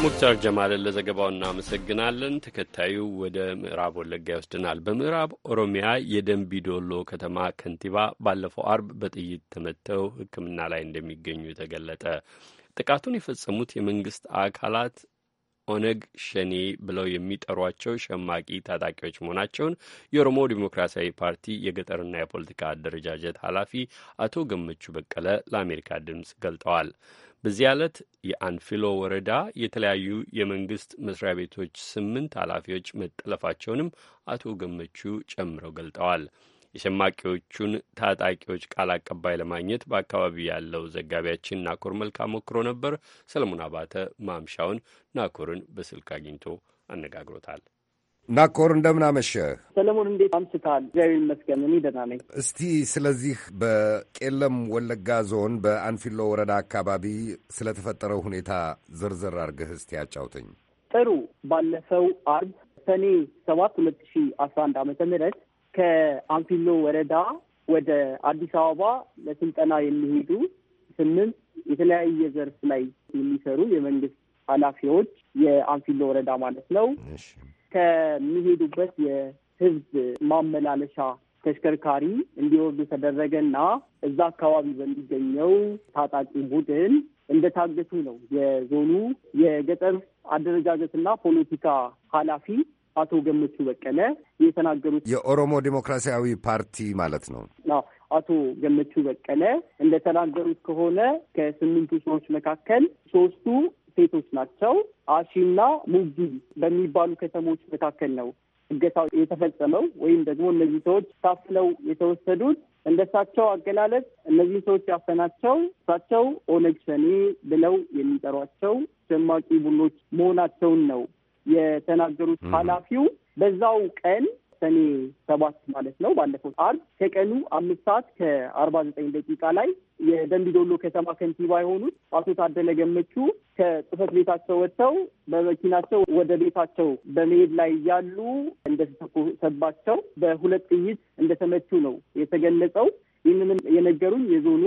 ሙክታር ጀማልን ለዘገባው እናመሰግናለን። ተከታዩ ወደ ምዕራብ ወለጋ ይወስድናል። በምዕራብ ኦሮሚያ የደንቢ ዶሎ ከተማ ከንቲባ ባለፈው አርብ በጥይት ተመተው ሕክምና ላይ እንደሚገኙ ተገለጠ። ጥቃቱን የፈጸሙት የመንግስት አካላት ኦነግ ሸኔ ብለው የሚጠሯቸው ሸማቂ ታጣቂዎች መሆናቸውን የኦሮሞ ዴሞክራሲያዊ ፓርቲ የገጠርና የፖለቲካ አደረጃጀት ኃላፊ አቶ ገመቹ በቀለ ለአሜሪካ ድምፅ ገልጠዋል። በዚህ ዕለት የአንፊሎ ወረዳ የተለያዩ የመንግስት መስሪያ ቤቶች ስምንት ኃላፊዎች መጠለፋቸውንም አቶ ገመቹ ጨምረው ገልጠዋል። የሸማቂዎቹን ታጣቂዎች ቃል አቀባይ ለማግኘት በአካባቢው ያለው ዘጋቢያችን ናኮር መልካ ሞክሮ ነበር። ሰለሞን አባተ ማምሻውን ናኮርን በስልክ አግኝቶ አነጋግሮታል። ናኮር እንደምን አመሸ? ሰለሞን እንዴት አምስታል እግዚአብሔር ይመስገን እኔ ደህና ነኝ እስቲ ስለዚህ በቄለም ወለጋ ዞን በአንፊሎ ወረዳ አካባቢ ስለተፈጠረው ሁኔታ ዝርዝር አድርገህ እስቲ አጫውተኝ ጥሩ ባለፈው አርብ ሰኔ ሰባት ሁለት ሺ አስራ አንድ ዓመተ ምህረት ከአንፊሎ ወረዳ ወደ አዲስ አበባ ለስልጠና የሚሄዱ ስምንት የተለያየ ዘርፍ ላይ የሚሰሩ የመንግስት ኃላፊዎች የአንፊሎ ወረዳ ማለት ነው ከሚሄዱበት የህዝብ ማመላለሻ ተሽከርካሪ እንዲወርዱ ተደረገና እዛ አካባቢ በሚገኘው ታጣቂ ቡድን እንደታገቱ ነው የዞኑ የገጠር አደረጃጀትና ፖለቲካ ኃላፊ አቶ ገመቹ በቀለ የተናገሩት የኦሮሞ ዴሞክራሲያዊ ፓርቲ ማለት ነው። አቶ ገመቹ በቀለ እንደተናገሩት ከሆነ ከስምንቱ ሰዎች መካከል ሶስቱ ሴቶች ናቸው። አሺና ሙጊ በሚባሉ ከተሞች መካከል ነው እገታው የተፈጸመው ወይም ደግሞ እነዚህ ሰዎች ታፍለው የተወሰዱት። እንደ አገላለጽ እነዚህ ሰዎች ያፈናቸው እሳቸው ኦነግ ሸኔ ብለው የሚጠሯቸው ሸማቂ ቡድኖች መሆናቸውን ነው የተናገሩት ኃላፊው በዛው ቀን ሰኔ ሰባት ማለት ነው ባለፈው አርብ ከቀኑ አምስት ሰዓት ከአርባ ዘጠኝ ደቂቃ ላይ የደንቢዶሎ ከተማ ከንቲባ የሆኑት አቶ ታደለ ገመቹ ከጽህፈት ቤታቸው ወጥተው በመኪናቸው ወደ ቤታቸው በመሄድ ላይ እያሉ እንደተተኮሰባቸው በሁለት ጥይት እንደተመቹ ነው የተገለጸው። ይህንንም የነገሩኝ የዞኑ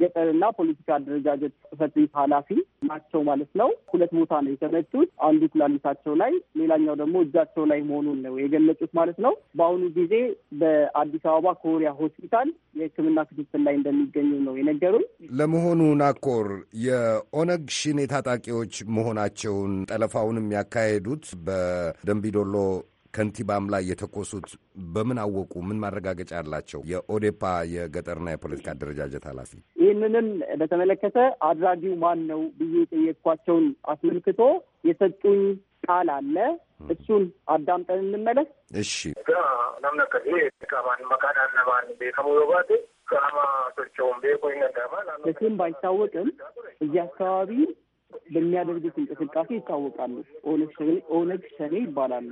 ገጠርና ፖለቲካ አደረጃጀት ጽሕፈት ቤት ኃላፊ ናቸው ማለት ነው። ሁለት ቦታ ነው የተመቱት። አንዱ ኩላሊታቸው ላይ፣ ሌላኛው ደግሞ እጃቸው ላይ መሆኑን ነው የገለጹት ማለት ነው። በአሁኑ ጊዜ በአዲስ አበባ ኮሪያ ሆስፒታል የሕክምና ክትትል ላይ እንደሚገኙ ነው የነገሩን። ለመሆኑ ናኮር የኦነግ ሽኔ ታጣቂዎች መሆናቸውን ጠለፋውንም ያካሄዱት በደንቢዶሎ ከንቲባም ላይ የተኮሱት በምን አወቁ? ምን ማረጋገጫ አላቸው? የኦዴፓ የገጠርና የፖለቲካ አደረጃጀት ኃላፊ ይህንንም በተመለከተ አድራጊው ማን ነው ብዬ የጠየቅኳቸውን አስመልክቶ የሰጡኝ ቃል አለ። እሱን አዳምጠን እንመለስ። እሺ በስም ባይታወቅም እዚህ አካባቢ በሚያደርጉት እንቅስቃሴ ይታወቃሉ። ኦነግ ሸኔ ይባላሉ።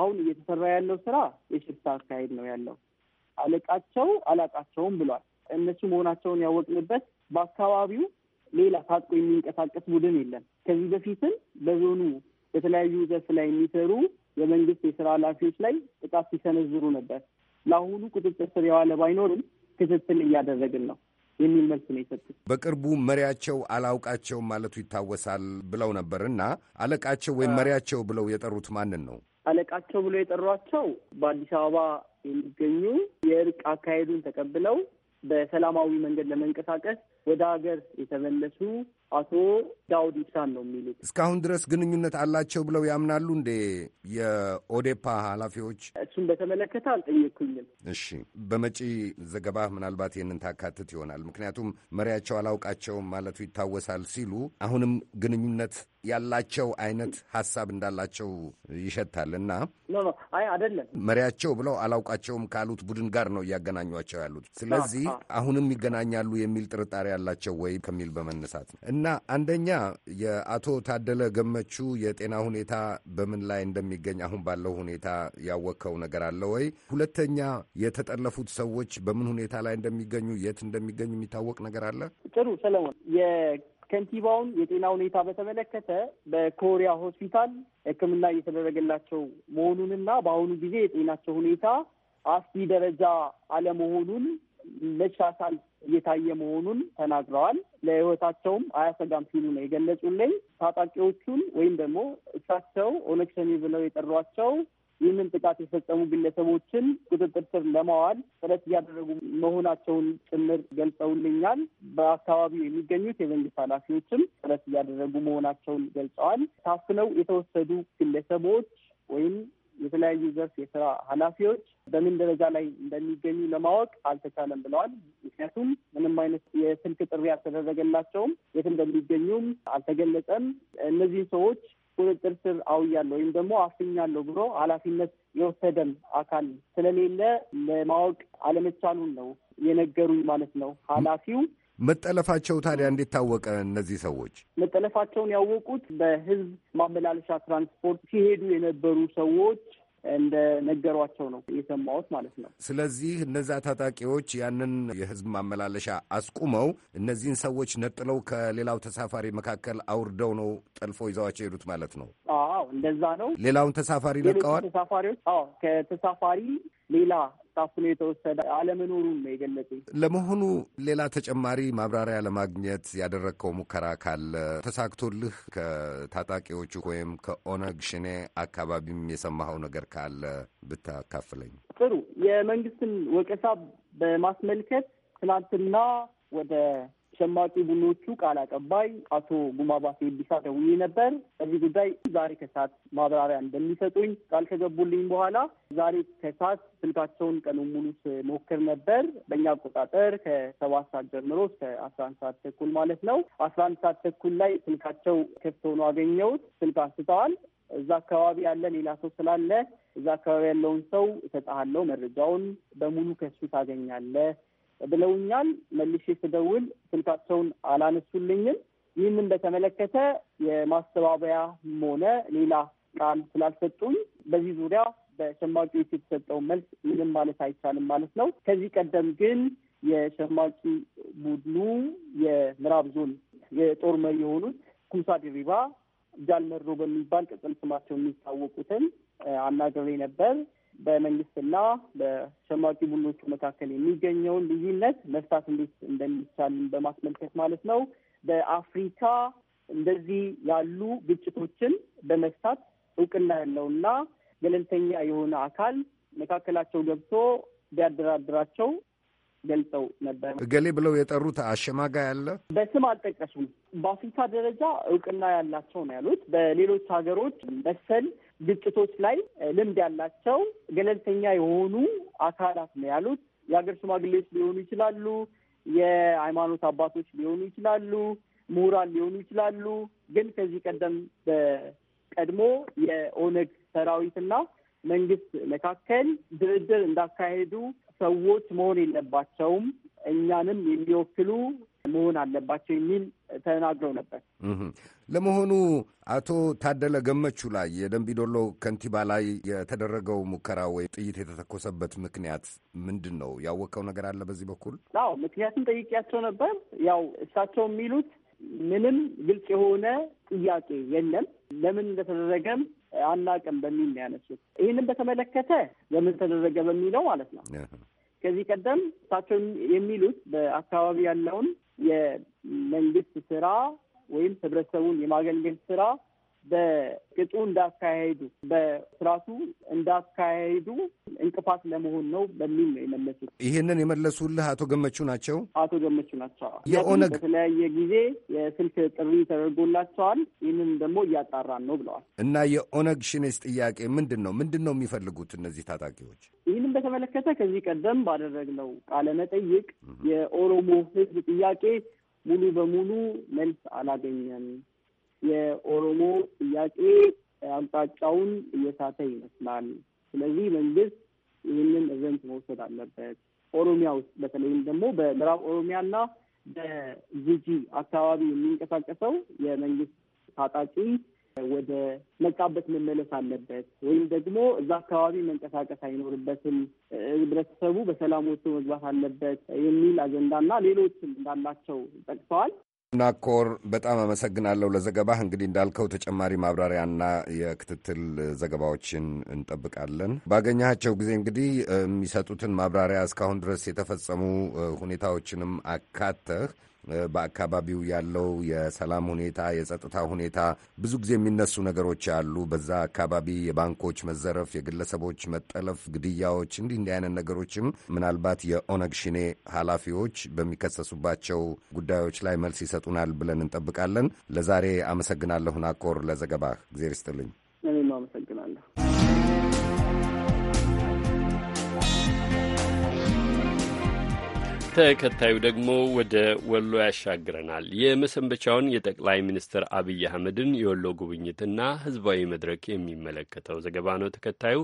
አሁን እየተሰራ ያለው ስራ የሽፍታ አካሄድ ነው ያለው። አለቃቸው አላቃቸውም ብሏል። እነሱ መሆናቸውን ያወቅንበት በአካባቢው ሌላ ታጥቆ የሚንቀሳቀስ ቡድን የለም። ከዚህ በፊትም በዞኑ በተለያዩ ዘርፍ ላይ የሚሰሩ የመንግስት የስራ ኃላፊዎች ላይ ጥቃት ሲሰነዝሩ ነበር። ለአሁኑ ቁጥጥር ስር የዋለ ባይኖርም ክትትል እያደረግን ነው የሚል መልስ ነው የሰጡት። በቅርቡ መሪያቸው አላውቃቸውም ማለቱ ይታወሳል ብለው ነበር እና አለቃቸው ወይም መሪያቸው ብለው የጠሩት ማንን ነው? አለቃቸው ብሎ የጠሯቸው በአዲስ አበባ የሚገኙ የእርቅ አካሄዱን ተቀብለው በሰላማዊ መንገድ ለመንቀሳቀስ ወደ ሀገር የተመለሱ አቶ ዳውድ ኢብሳን ነው የሚሉት። እስካሁን ድረስ ግንኙነት አላቸው ብለው ያምናሉ እንዴ? የኦዴፓ ኃላፊዎች እሱን በተመለከተ አልጠየኩኝም። እሺ፣ በመጪ ዘገባ ምናልባት ይህንን ታካትት ይሆናል። ምክንያቱም መሪያቸው አላውቃቸውም ማለቱ ይታወሳል ሲሉ አሁንም ግንኙነት ያላቸው አይነት ሀሳብ እንዳላቸው ይሸታል እና አይ አይደለም መሪያቸው ብለው አላውቃቸውም ካሉት ቡድን ጋር ነው እያገናኟቸው ያሉት። ስለዚህ አሁንም ይገናኛሉ የሚል ጥርጣሬ ያላቸው ወይ ከሚል በመነሳት ነው እና አንደኛ የአቶ ታደለ ገመቹ የጤና ሁኔታ በምን ላይ እንደሚገኝ አሁን ባለው ሁኔታ ያወቅከው ነገር አለ ወይ? ሁለተኛ የተጠለፉት ሰዎች በምን ሁኔታ ላይ እንደሚገኙ፣ የት እንደሚገኙ የሚታወቅ ነገር አለ? ጥሩ ሰለሞን፣ የከንቲባውን የጤና ሁኔታ በተመለከተ በኮሪያ ሆስፒታል ሕክምና እየተደረገላቸው መሆኑንና በአሁኑ ጊዜ የጤናቸው ሁኔታ አስጊ ደረጃ አለመሆኑን መቻሳል እየታየ መሆኑን ተናግረዋል። ለህይወታቸውም አያሰጋም ሲሉ ነው የገለጹልኝ። ታጣቂዎቹን ወይም ደግሞ እሳቸው ኦነግ ሸኔ ብለው የጠሯቸው ይህንን ጥቃት የፈጸሙ ግለሰቦችን ቁጥጥር ስር ለማዋል ጥረት እያደረጉ መሆናቸውን ጭምር ገልጸውልኛል። በአካባቢው የሚገኙት የመንግስት ኃላፊዎችም ጥረት እያደረጉ መሆናቸውን ገልጸዋል። ታፍነው የተወሰዱ ግለሰቦች ወይም የተለያዩ ዘርፍ የስራ ኃላፊዎች በምን ደረጃ ላይ እንደሚገኙ ለማወቅ አልተቻለም ብለዋል። ምክንያቱም ምንም አይነት የስልክ ጥሪ አልተደረገላቸውም፣ የት እንደሚገኙም አልተገለጸም። እነዚህ ሰዎች ቁጥጥር ስር አውያለሁ ወይም ደግሞ አፍኛለሁ ብሎ ኃላፊነት የወሰደም አካል ስለሌለ ለማወቅ አለመቻሉን ነው የነገሩኝ ማለት ነው ኃላፊው መጠለፋቸው ታዲያ እንዴት ታወቀ? እነዚህ ሰዎች መጠለፋቸውን ያወቁት በህዝብ ማመላለሻ ትራንስፖርት ሲሄዱ የነበሩ ሰዎች እንደነገሯቸው ነው የሰማሁት ማለት ነው። ስለዚህ እነዛ ታጣቂዎች ያንን የህዝብ ማመላለሻ አስቁመው እነዚህን ሰዎች ነጥለው ከሌላው ተሳፋሪ መካከል አውርደው ነው ጠልፎ ይዘዋቸው ሄዱት ማለት ነው። አዎ እንደዛ ነው። ሌላውን ተሳፋሪ ለቀዋል። ተሳፋሪዎች አዎ ከተሳፋሪ ሌላ ታፍኖ የተወሰደ አለመኖሩን ነው ለመሆኑ ሌላ ተጨማሪ ማብራሪያ ለማግኘት ያደረግከው ሙከራ ካለ ተሳክቶልህ ከታጣቂዎቹ ወይም ከኦነግ ሽኔ አካባቢም የሰማኸው ነገር ካለ ብታካፍለኝ። ጥሩ። የመንግስትን ወቀሳ በማስመልከት ትናንትና ወደ ሸማቂ ቡድኖቹ ቃል አቀባይ አቶ ጉማባሴ ቢሳ ደውዬ ነበር። በዚህ ጉዳይ ዛሬ ከሰዓት ማብራሪያ እንደሚሰጡኝ ቃል ከገቡልኝ በኋላ ዛሬ ከሰዓት ስልካቸውን ቀኑ ሙሉ ስሞክር ነበር። በእኛ አቆጣጠር ከሰባት ሰዓት ጀምሮ እስከ አስራ አንድ ሰዓት ተኩል ማለት ነው። አስራ አንድ ሰዓት ተኩል ላይ ስልካቸው ክፍት ሆኖ አገኘሁት። ስልክ አንስተዋል። እዛ አካባቢ ያለ ሌላ ሰው ስላለ እዛ አካባቢ ያለውን ሰው እሰጥሃለሁ፣ መረጃውን በሙሉ ከሱ ታገኛለህ ብለውኛል። መልሼ ስደውል ስልካቸውን አላነሱልኝም። ይህንን በተመለከተ የማስተባበያ ሆነ ሌላ ቃል ስላልሰጡኝ በዚህ ዙሪያ በሸማቂዎች የተሰጠው መልስ ምንም ማለት አይቻልም ማለት ነው። ከዚህ ቀደም ግን የሸማቂ ቡድኑ የምዕራብ ዞን የጦር መሪ የሆኑት ኩምሳ ድሪባ ጃልመሮ በሚባል ቅጽል ስማቸው የሚታወቁትን አናግሬ ነበር። በመንግስትና በሸማቂ ቡድኖቹ መካከል የሚገኘውን ልዩነት መፍታት እንዴት እንደሚቻል በማስመልከት ማለት ነው። በአፍሪካ እንደዚህ ያሉ ግጭቶችን በመፍታት እውቅና ያለውና ገለልተኛ የሆነ አካል መካከላቸው ገብቶ ቢያደራድራቸው ገልጸው ነበር። እገሌ ብለው የጠሩት አሸማጋይ አለ፣ በስም አልጠቀሱም። በአፍሪካ ደረጃ እውቅና ያላቸው ነው ያሉት። በሌሎች ሀገሮች መሰል ግጭቶች ላይ ልምድ ያላቸው ገለልተኛ የሆኑ አካላት ነው ያሉት። የሀገር ሽማግሌዎች ሊሆኑ ይችላሉ፣ የሃይማኖት አባቶች ሊሆኑ ይችላሉ፣ ምሁራን ሊሆኑ ይችላሉ። ግን ከዚህ ቀደም በቀድሞ የኦነግ ሰራዊትና መንግስት መካከል ድርድር እንዳካሄዱ ሰዎች መሆን የለባቸውም። እኛንም የሚወክሉ መሆን አለባቸው የሚል ተናግረው ነበር። ለመሆኑ አቶ ታደለ ገመቹ ላይ የደንቢዶሎ ከንቲባ ላይ የተደረገው ሙከራ ወይ ጥይት የተተኮሰበት ምክንያት ምንድን ነው? ያወቀው ነገር አለ በዚህ በኩል? አዎ ምክንያቱም ጠይቄያቸው ነበር። ያው እሳቸው የሚሉት ምንም ግልጽ የሆነ ጥያቄ የለም፣ ለምን እንደተደረገም አናቅም በሚል ነው ያነሱት። ይህንን በተመለከተ ለምን ተደረገ በሚለው ማለት ነው ከዚህ ቀደም እሳቸው የሚሉት በአካባቢ ያለውን የመንግስት ስራ ወይም ህብረተሰቡን የማገልገል ስራ በቅጡ እንዳካሄዱ በስርዓቱ እንዳካሄዱ እንቅፋት ለመሆን ነው በሚል ነው የመለሱት። ይህንን የመለሱልህ አቶ ገመቹ ናቸው። አቶ ገመቹ ናቸው። የኦነግ በተለያየ ጊዜ የስልክ ጥሪ ተደርጎላቸዋል። ይህንን ደግሞ እያጣራን ነው ብለዋል። እና የኦነግ ሽኔስ ጥያቄ ምንድን ነው? ምንድን ነው የሚፈልጉት እነዚህ ታጣቂዎች? ይህንን በተመለከተ ከዚህ ቀደም ባደረግነው ቃለ መጠይቅ የኦሮሞ ህዝብ ጥያቄ ሙሉ በሙሉ መልስ አላገኘም የኦሮሞ ጥያቄ አቅጣጫውን እየሳተ ይመስላል። ስለዚህ መንግስት ይህንን እርምጃ መውሰድ አለበት። ኦሮሚያ ውስጥ በተለይም ደግሞ በምዕራብ ኦሮሚያና በጉጂ አካባቢ የሚንቀሳቀሰው የመንግስት ታጣቂ ወደ መጣበት መመለስ አለበት፣ ወይም ደግሞ እዛ አካባቢ መንቀሳቀስ አይኖርበትም፣ ህብረተሰቡ በሰላም ወጥቶ መግባት አለበት የሚል አጀንዳና ሌሎችም እንዳላቸው ጠቅሰዋል። ናኮር በጣም አመሰግናለሁ ለዘገባህ። እንግዲህ እንዳልከው ተጨማሪ ማብራሪያና የክትትል ዘገባዎችን እንጠብቃለን። ባገኘሃቸው ጊዜ እንግዲህ የሚሰጡትን ማብራሪያ እስካሁን ድረስ የተፈጸሙ ሁኔታዎችንም አካተህ በአካባቢው ያለው የሰላም ሁኔታ፣ የጸጥታ ሁኔታ ብዙ ጊዜ የሚነሱ ነገሮች አሉ። በዛ አካባቢ የባንኮች መዘረፍ፣ የግለሰቦች መጠለፍ፣ ግድያዎች፣ እንዲህ እንዲህ አይነት ነገሮችም ምናልባት የኦነግ ሽኔ ኃላፊዎች በሚከሰሱባቸው ጉዳዮች ላይ መልስ ይሰጡናል ብለን እንጠብቃለን። ለዛሬ አመሰግናለሁ ናኮር ለዘገባህ። እግዜር ይስጥልኝ። እኔም አመሰግናለሁ። ተከታዩ ደግሞ ወደ ወሎ ያሻግረናል። የመሰንበቻውን የጠቅላይ ሚኒስትር አብይ አህመድን የወሎ ጉብኝትና ህዝባዊ መድረክ የሚመለከተው ዘገባ ነው። ተከታዩ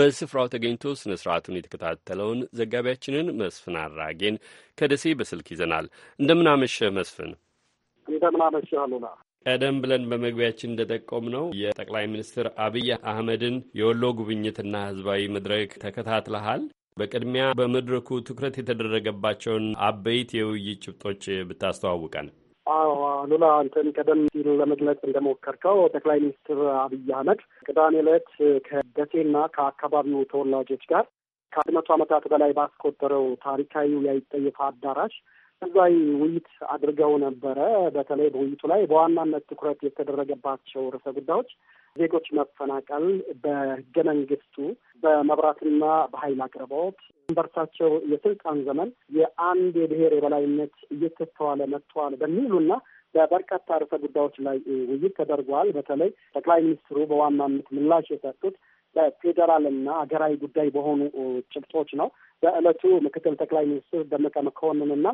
በስፍራው ተገኝቶ ስነ ስርዓቱን የተከታተለውን ዘጋቢያችንን መስፍን አራጌን ከደሴ በስልክ ይዘናል። እንደምናመሸ መስፍን። እንደምናመሸ አሉና ቀደም ብለን በመግቢያችን እንደጠቆም ነው የጠቅላይ ሚኒስትር አብይ አህመድን የወሎ ጉብኝትና ህዝባዊ መድረክ ተከታትለሃል። በቅድሚያ በመድረኩ ትኩረት የተደረገባቸውን አበይት የውይይት ጭብጦች ብታስተዋውቀን። አዎ ሉላ፣ አንተን ቀደም ሲል ለመግለጽ እንደሞከርከው ጠቅላይ ሚኒስትር አብይ አህመድ ቅዳሜ ዕለት ከደሴና ከአካባቢው ተወላጆች ጋር ከአንድ መቶ ዓመታት በላይ ባስቆጠረው ታሪካዊ ያይጠየፈ አዳራሽ ህዝባዊ ውይይት አድርገው ነበረ። በተለይ በውይይቱ ላይ በዋናነት ትኩረት የተደረገባቸው ርዕሰ ጉዳዮች ዜጎች መፈናቀል በህገ መንግስቱ በመብራትና በኃይል አቅርቦት በርሳቸው የስልጣን ዘመን የአንድ የብሔር የበላይነት እየተስተዋለ መጥተዋል በሚሉና በበርካታ ርዕሰ ጉዳዮች ላይ ውይይት ተደርጓል። በተለይ ጠቅላይ ሚኒስትሩ በዋናነት ምላሽ የሰጡት በፌዴራልና ሀገራዊ ጉዳይ በሆኑ ጭብጦች ነው። በዕለቱ ምክትል ጠቅላይ ሚኒስትር ደመቀ መኮንንና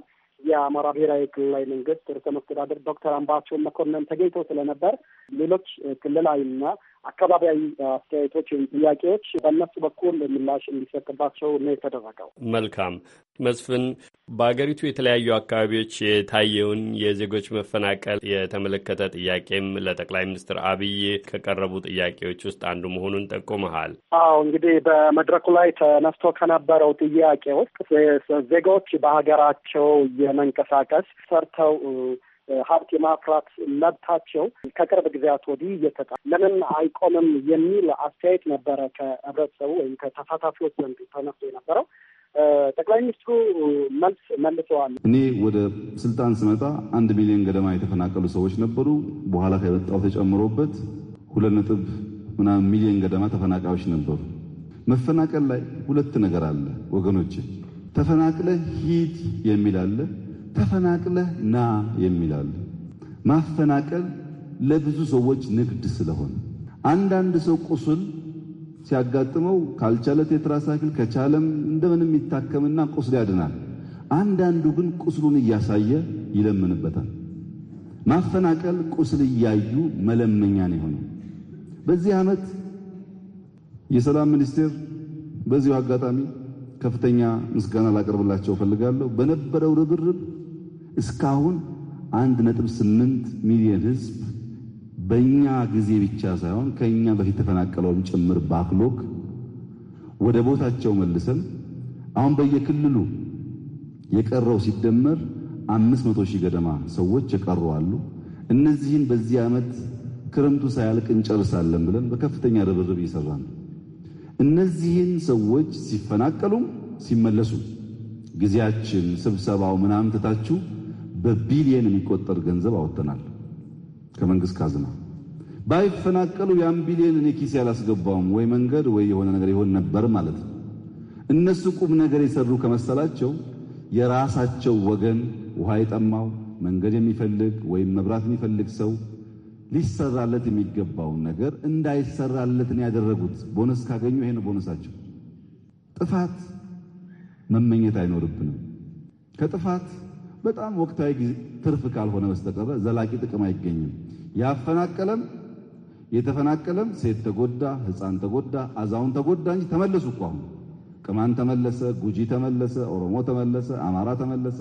የአማራ ብሔራዊ ክልላዊ መንግስት ርዕሰ መስተዳደር ዶክተር አምባቸው መኮንን ተገኝተው ስለነበር ሌሎች ክልላዊና አካባቢያዊ አስተያየቶች ወይም ጥያቄዎች በእነሱ በኩል ምላሽ እንዲሰጥባቸው ነው የተደረገው። መልካም መስፍን፣ በሀገሪቱ የተለያዩ አካባቢዎች የታየውን የዜጎች መፈናቀል የተመለከተ ጥያቄም ለጠቅላይ ሚኒስትር አብይ ከቀረቡ ጥያቄዎች ውስጥ አንዱ መሆኑን ጠቁመሃል። አዎ እንግዲህ በመድረኩ ላይ ተነስቶ ከነበረው ጥያቄ ውስጥ ዜጎች በሀገራቸው የመንቀሳቀስ ሰርተው ሀብት የማፍራት መብታቸው ከቅርብ ጊዜያት ወዲህ እየተጣ ለምን አይቆምም የሚል አስተያየት ነበረ ከህብረተሰቡ ወይም ከተሳታፊዎች ዘንድ ተነስቶ የነበረው። ጠቅላይ ሚኒስትሩ መልስ መልሰዋል። እኔ ወደ ስልጣን ስመጣ አንድ ሚሊዮን ገደማ የተፈናቀሉ ሰዎች ነበሩ። በኋላ ከመጣው ተጨምሮበት ሁለት ነጥብ ምናምን ሚሊዮን ገደማ ተፈናቃዮች ነበሩ። መፈናቀል ላይ ሁለት ነገር አለ ወገኖች፣ ተፈናቅለ ሂድ የሚል አለ፣ ተፈናቅለህ ና የሚላሉ። ማፈናቀል ለብዙ ሰዎች ንግድ ስለሆነ አንዳንድ ሰው ቁስል ሲያጋጥመው ካልቻለ ቴትራሳይክል ከቻለም እንደምንም ይታከምና ቁስል ያድናል። አንዳንዱ ግን ቁስሉን እያሳየ ይለምንበታል። ማፈናቀል ቁስል እያዩ መለመኛ ነው የሆነው። በዚህ ዓመት የሰላም ሚኒስቴር በዚሁ አጋጣሚ ከፍተኛ ምስጋና ላቀርብላቸው እፈልጋለሁ በነበረው ርብርብ እስካሁን አንድ ነጥብ ስምንት ሚሊዮን ህዝብ በእኛ ጊዜ ብቻ ሳይሆን ከእኛ በፊት ተፈናቀለውም ጭምር ባክሎክ ወደ ቦታቸው መልሰን አሁን በየክልሉ የቀረው ሲደመር አምስት መቶ ሺህ ገደማ ሰዎች የቀሩ አሉ። እነዚህን በዚህ ዓመት ክረምቱ ሳያልቅ እንጨርሳለን ብለን በከፍተኛ ርብርብ እየሰራ ነው። እነዚህን ሰዎች ሲፈናቀሉም ሲመለሱ ጊዜያችን ስብሰባው ምናምን ትታችሁ በቢሊየን የሚቆጠር ገንዘብ አወጥተናል ከመንግስት ካዝና። ባይፈናቀሉ ያን ቢሊየን እኔ ኪስ ያላስገባውም ወይ መንገድ ወይ የሆነ ነገር ይሆን ነበር ማለት ነው። እነሱ ቁም ነገር የሰሩ ከመሰላቸው የራሳቸው ወገን ውሃ የጠማው መንገድ የሚፈልግ ወይም መብራት የሚፈልግ ሰው ሊሰራለት የሚገባውን ነገር እንዳይሰራለት ነው ያደረጉት። ቦነስ ካገኙ ይሄ ነው ቦነሳቸው። ጥፋት መመኘት አይኖርብንም። ከጥፋት በጣም ወቅታዊ ትርፍ ካልሆነ በስተቀረ ዘላቂ ጥቅም አይገኝም። ያፈናቀለም የተፈናቀለም ሴት ተጎዳ፣ ሕፃን ተጎዳ፣ አዛውን ተጎዳ እንጂ ተመለሱ እኮ አሁን ቅማን ተመለሰ፣ ጉጂ ተመለሰ፣ ኦሮሞ ተመለሰ፣ አማራ ተመለሰ።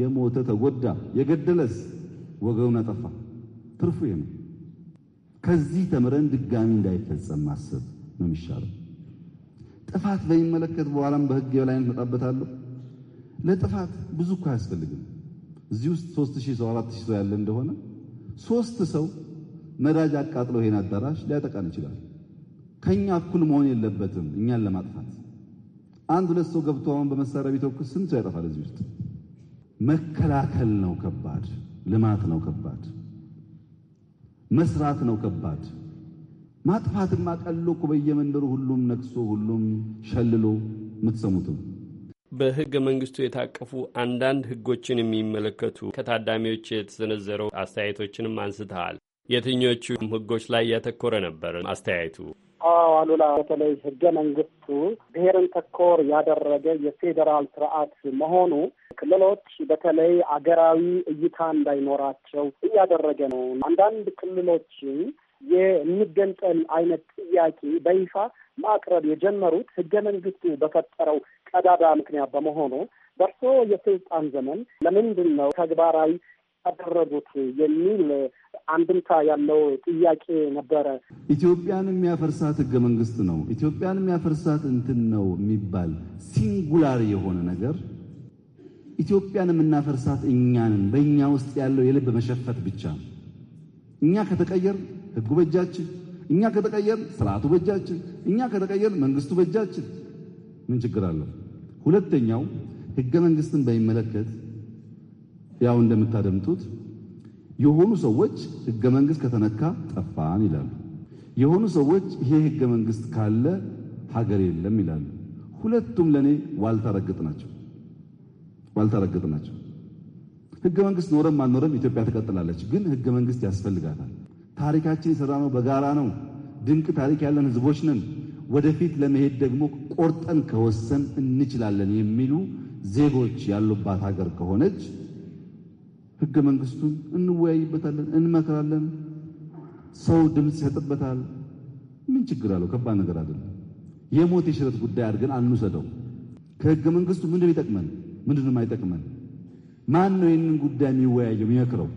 የሞተ ተጎዳ፣ የገደለስ ወገቡን አጠፋ። ትርፉ ይሄ ነው። ከዚህ ተምረን ድጋሚ እንዳይፈጸም ማሰብ ነው የሚሻለው። ጥፋት በሚመለከት በኋላም በህግ የበላይነት መጣበታለሁ። ለጥፋት ብዙ እኮ አያስፈልግም። እዚህ ውስጥ 3000 ሰው 4000 ሰው ያለ እንደሆነ ሶስት ሰው ነዳጅ አቃጥሎ ይሄን አዳራሽ ሊያጠቃን ይችላል። ከኛ እኩል መሆን የለበትም እኛን ለማጥፋት አንድ ሁለት ሰው ገብቶ አሁን በመሳሪያ ቢተኩስ ስንት ሰው ያጠፋል? እዚህ ውስጥ መከላከል ነው ከባድ፣ ልማት ነው ከባድ፣ መስራት ነው ከባድ። ማጥፋትማ ቀሎ እኮ በየመንደሩ ሁሉም ነክሶ ሁሉም ሸልሎ የምትሰሙትም በህገ መንግስቱ የታቀፉ አንዳንድ ህጎችን የሚመለከቱ ከታዳሚዎች የተሰነዘረው አስተያየቶችንም አንስተሃል። የትኞቹ ህጎች ላይ ያተኮረ ነበር አስተያየቱ? አዎ አሉላ፣ በተለይ ህገ መንግስቱ ብሔርን ተኮር ያደረገ የፌዴራል ስርዓት መሆኑ ክልሎች በተለይ አገራዊ እይታ እንዳይኖራቸው እያደረገ ነው። አንዳንድ ክልሎች የሚገንጠል አይነት ጥያቄ በይፋ ማቅረብ የጀመሩት ህገ መንግስቱ በፈጠረው ቀዳዳ ምክንያት በመሆኑ በርሶ የስልጣን ዘመን ለምንድን ነው ተግባራዊ ያደረጉት የሚል አንድምታ ያለው ጥያቄ ነበረ። ኢትዮጵያን የሚያፈርሳት ህገ መንግስት ነው፣ ኢትዮጵያን የሚያፈርሳት እንትን ነው የሚባል ሲንጉላር የሆነ ነገር ኢትዮጵያን የምናፈርሳት እኛንን በእኛ ውስጥ ያለው የልብ መሸፈት ብቻ እኛ ከተቀየር ህጉ በእጃችን እኛ ከተቀየር ስርዓቱ በእጃችን፣ እኛ ከተቀየር መንግስቱ በእጃችን። ምን ችግር አለው? ሁለተኛው ህገ መንግስትን በሚመለከት ያው እንደምታደምጡት የሆኑ ሰዎች ህገ መንግስት ከተነካ ጠፋን ይላሉ። የሆኑ ሰዎች ይሄ ህገ መንግስት ካለ ሀገር የለም ይላሉ። ሁለቱም ለኔ ዋልታ ናቸው። ዋልታ ናቸው። ህገ መንግስት ኖረም አልኖረም ኢትዮጵያ ትቀጥላለች። ግን ህገ መንግስት ያስፈልጋታል። ታሪካችን የሰራነው በጋራ ነው። ድንቅ ታሪክ ያለን ህዝቦች ነን። ወደፊት ለመሄድ ደግሞ ቆርጠን ከወሰን እንችላለን የሚሉ ዜጎች ያሉባት ሀገር ከሆነች ህገ መንግስቱን እንወያይበታለን፣ እንመክራለን። ሰው ድምፅ ይሰጥበታል። ምን ችግር አለው? ከባድ ነገር አይደለም። የሞት የሽረት ጉዳይ አድርገን አንውሰደው። ከህገ መንግስቱ ምንድን ይጠቅመን፣ ምንድን አይጠቅመን? ማን ነው ይህንን ጉዳይ የሚወያየው የሚመክረው?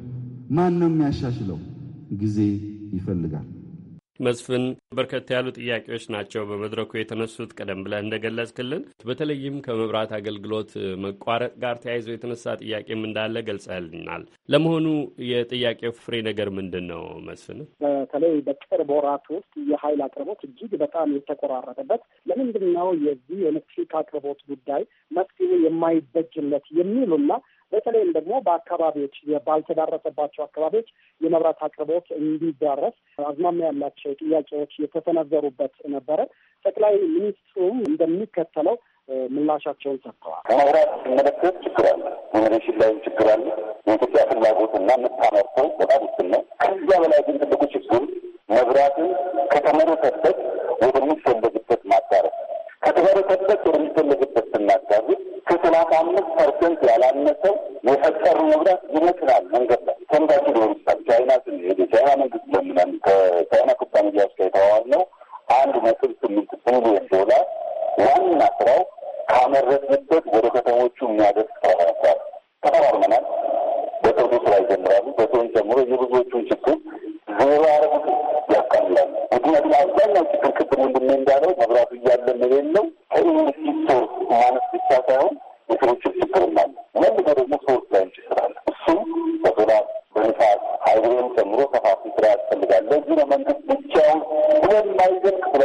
ማን ነው የሚያሻሽለው? ጊዜ ይፈልጋል። መስፍን፣ በርከት ያሉ ጥያቄዎች ናቸው በመድረኩ የተነሱት። ቀደም ብለህ እንደገለጽክልን በተለይም ከመብራት አገልግሎት መቋረጥ ጋር ተያይዘው የተነሳ ጥያቄም እንዳለ ገልጸህልናል። ለመሆኑ የጥያቄው ፍሬ ነገር ምንድን ነው መስፍን? በተለይ በቅርብ ወራት ውስጥ የኃይል አቅርቦት እጅግ በጣም የተቆራረጠበት ለምንድን ነው የዚህ የኤሌክትሪክ አቅርቦት ጉዳይ መፍትሄ የማይበጅለት የሚሉና በተለይም ደግሞ በአካባቢዎች ባልተዳረሰባቸው አካባቢዎች የመብራት አቅርቦት እንዲዳረስ አዝማሚያ ያላቸው ጥያቄዎች የተሰነዘሩበት ነበረ። ጠቅላይ ሚኒስትሩም እንደሚከተለው ምላሻቸውን ሰጥተዋል። ከመብራት ሲመለከት ችግር አለ፣ ኢኖቬሽን ላይም ችግር አለ። የኢትዮጵያ ፍላጎትና የምታመርተው በጣም ውስን ነው። ከዚያ በላይ ግን ትልቁ ችግር መብራትን ከተመረተበት ወደሚፈለግበት ማዳረስ ከተመረተበት ወደሚፈለግበት ስናጋሩት ከሰላሳ አምስት ፐርሰንት ያላነሰው የፈጠሩ ንብረት ይመክናል መንገድ ላይ ሰምታች ሊሆን ይችላል። ቻይና ስንሄድ የቻይና መንግስት ለምናል ከቻይና ኩባንያዎች ጋር የተዋዋልነው አንድ ነጥብ ስምንት ቢሊዮን ዶላር ዋና ስራው ካመረትንበት ወደ ከተሞቹ የሚያደርስ ተፈራርመናል። ከቶ ስራ ይጀምራሉ። በሰውን ጨምሮ የብዙዎቹን ችግር ዜሮ ያረጉት ያቃላሉ። ምክንያቱም አብዛኛው ችግር ክብር ወንድሜ እንዳለው መብራቱ እያለ የሌለው ከኢንቨስቲንግ ሶርስ ማነስ ብቻ ሳይሆን የሰዎች ችግር ናለ መልሶ ደግሞ ሰዎች ላይ እንችስራለ እሱም በዶላር በንፋስ ጨምሮ ሰፋፊ ስራ ያስፈልጋል። ለዚህ ነው መንግስት ብቻውን የግሉ ሴክተር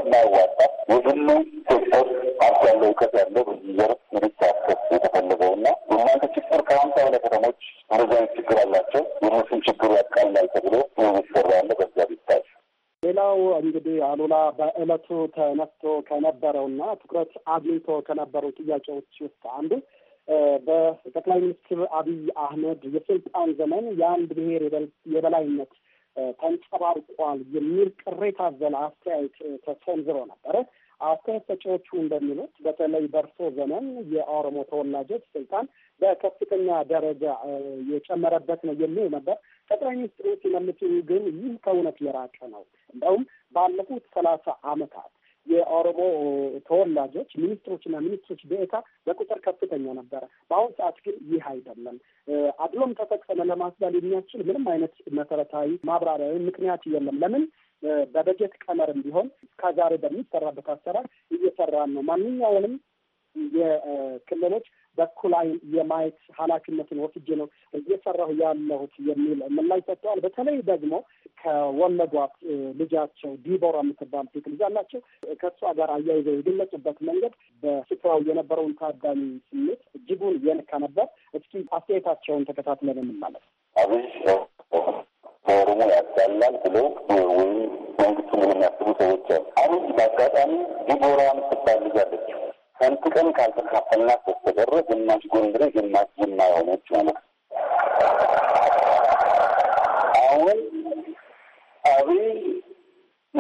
ሀብት ያለው እውቀት ያለው በዚህ ዘርፍ እንዲሳተፍ የተፈለገው እና የእናንተ ችግር ከሀምሳ በላይ ከተሞች እንደዚህ አይነት ችግር አላቸው ችግሩ ተብሎ የሚሰራ ያለ በዛ ቢታይ ሌላው እንግዲህ አሉላ በእለቱ ተነስቶ ከነበረውና ትኩረት አግኝቶ ከነበሩ ጥያቄዎች ውስጥ አንዱ በጠቅላይ ሚኒስትር አብይ አህመድ የስልጣን ዘመን የአንድ ብሔር የበላይነት ተንጸባርቋል የሚል ቅሬታ ዘለ አስተያየት ተሰንዝሮ ነበረ። አስተያየት ሰጪዎቹ እንደሚሉት በተለይ በርሶ ዘመን የኦሮሞ ተወላጆች ስልጣን በከፍተኛ ደረጃ የጨመረበት ነው የሚል ነበር። ጠቅላይ ሚኒስትሩ ሲመልሱ ግን ይህ ከእውነት የራቀ ነው፣ እንደውም ባለፉት ሰላሳ ዓመታት የኦሮሞ ተወላጆች ሚኒስትሮችና ሚኒስትሮች በኤታ በቁጥር ከፍተኛ ነበረ። በአሁኑ ሰዓት ግን ይህ አይደለም። አድሎም ተፈጸመ ለማስባል የሚያስችል ምንም አይነት መሰረታዊ ማብራሪያ ወይም ምክንያት የለም። ለምን በበጀት ቀመርም ቢሆን እስከዛሬ በሚሰራበት አሰራር እየሰራን ነው። ማንኛውንም የክልሎች በኩል አይን የማየት ኃላፊነትን ወስጄ ነው እየሰራሁ ያለሁት የሚል ምላሽ ሰጥተዋል። በተለይ ደግሞ ከወለዷት ልጃቸው ዲቦራ የምትባል ሴት ልጅ አላቸው። ከእሷ ጋር አያይዘው የገለጹበት መንገድ በስፍራው የነበረውን ታዳሚ ስሜት እጅጉን የነካ ነበር። እስኪ አስተያየታቸውን ተከታትለን እንመለስ። አብይ ኦሮሞ ያዳላል ብሎ ወይም መንግስቱን የሚያስቡ ሰዎች አሉ። አብይ በአጋጣሚ ዲቦራ የምትባል ልጅ አለችው ሰልፍ ቀን ካልተካፈልና በስተቀረ ግማሽ ጎንደሬ ግማሽ ቡና የሆነች ማለት አሁን አብይ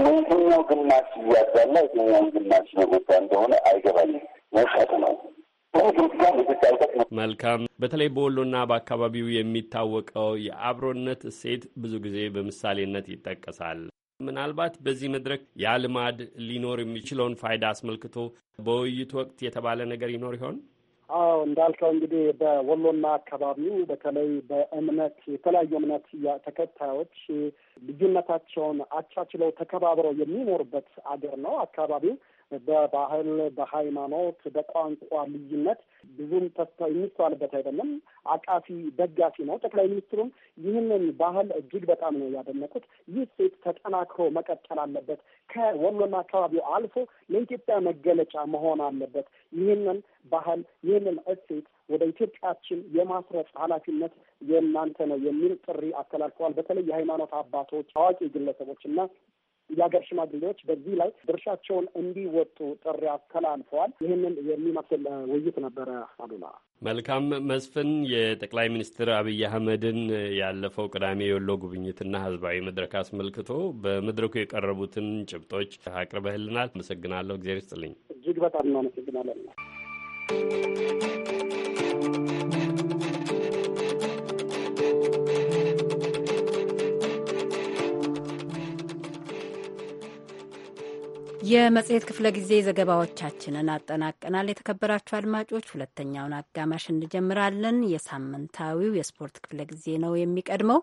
የትኛው ግማሽ እያዛላ የትኛውን ግማሽ የጎዳ እንደሆነ አይገባኝም። ውሸት ነው። መልካም። በተለይ በወሎና በአካባቢው የሚታወቀው የአብሮነት እሴት ብዙ ጊዜ በምሳሌነት ይጠቀሳል። ምናልባት በዚህ መድረክ ያ ልማድ ሊኖር የሚችለውን ፋይዳ አስመልክቶ በውይይቱ ወቅት የተባለ ነገር ይኖር ይሆን? አዎ እንዳልከው እንግዲህ በወሎና አካባቢው በተለይ በእምነት የተለያዩ እምነት ተከታዮች ልዩነታቸውን አቻችለው ተከባብረው የሚኖሩበት አገር ነው አካባቢው። በባህል፣ በሃይማኖት፣ በቋንቋ ልዩነት ብዙም ተስፋ የሚስተዋልበት አይደለም። አቃፊ ደጋፊ ነው። ጠቅላይ ሚኒስትሩም ይህንን ባህል እጅግ በጣም ነው ያደነቁት። ይህ ሴት ተጠናክሮ መቀጠል አለበት። ከወሎና አካባቢው አልፎ ለኢትዮጵያ መገለጫ መሆን አለበት። ይህንን ባህል ይህንን እሴት ወደ ኢትዮጵያችን የማስረጽ ኃላፊነት የእናንተ ነው የሚል ጥሪ አስተላልፈዋል። በተለይ የሃይማኖት አባቶች፣ ታዋቂ ግለሰቦች እና የሀገር ሽማግሌዎች በዚህ ላይ ድርሻቸውን እንዲወጡ ጥሪ አስተላልፈዋል። ይህንን የሚመስል ውይይት ነበረ። አሉላ መልካም መስፍን የጠቅላይ ሚኒስትር አብይ አህመድን ያለፈው ቅዳሜ የወሎ ጉብኝትና ህዝባዊ መድረክ አስመልክቶ በመድረኩ የቀረቡትን ጭብጦች አቅርበህልናል። አመሰግናለሁ። እግዚአብሔር ይስጥልኝ። እጅግ በጣም እናመሰግናለን። የመጽሔት ክፍለ ጊዜ ዘገባዎቻችንን አጠናቀናል። የተከበራችሁ አድማጮች፣ ሁለተኛውን አጋማሽ እንጀምራለን። የሳምንታዊው የስፖርት ክፍለ ጊዜ ነው የሚቀድመው።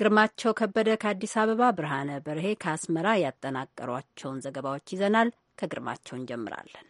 ግርማቸው ከበደ ከአዲስ አበባ፣ ብርሃነ በርሄ ከአስመራ ያጠናቀሯቸውን ዘገባዎች ይዘናል። ከግርማቸው እንጀምራለን።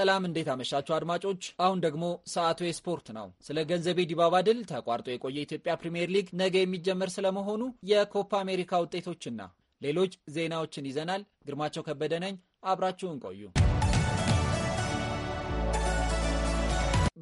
ሰላም፣ እንዴት አመሻችሁ አድማጮች። አሁን ደግሞ ሰዓቱ የስፖርት ነው። ስለ ገንዘቤ ዲባባ ድል ተቋርጦ የቆየ ኢትዮጵያ ፕሪምየር ሊግ ነገ የሚጀመር ስለመሆኑ የኮፓ አሜሪካ ውጤቶችና ሌሎች ዜናዎችን ይዘናል። ግርማቸው ከበደ ነኝ። አብራችሁን ቆዩ።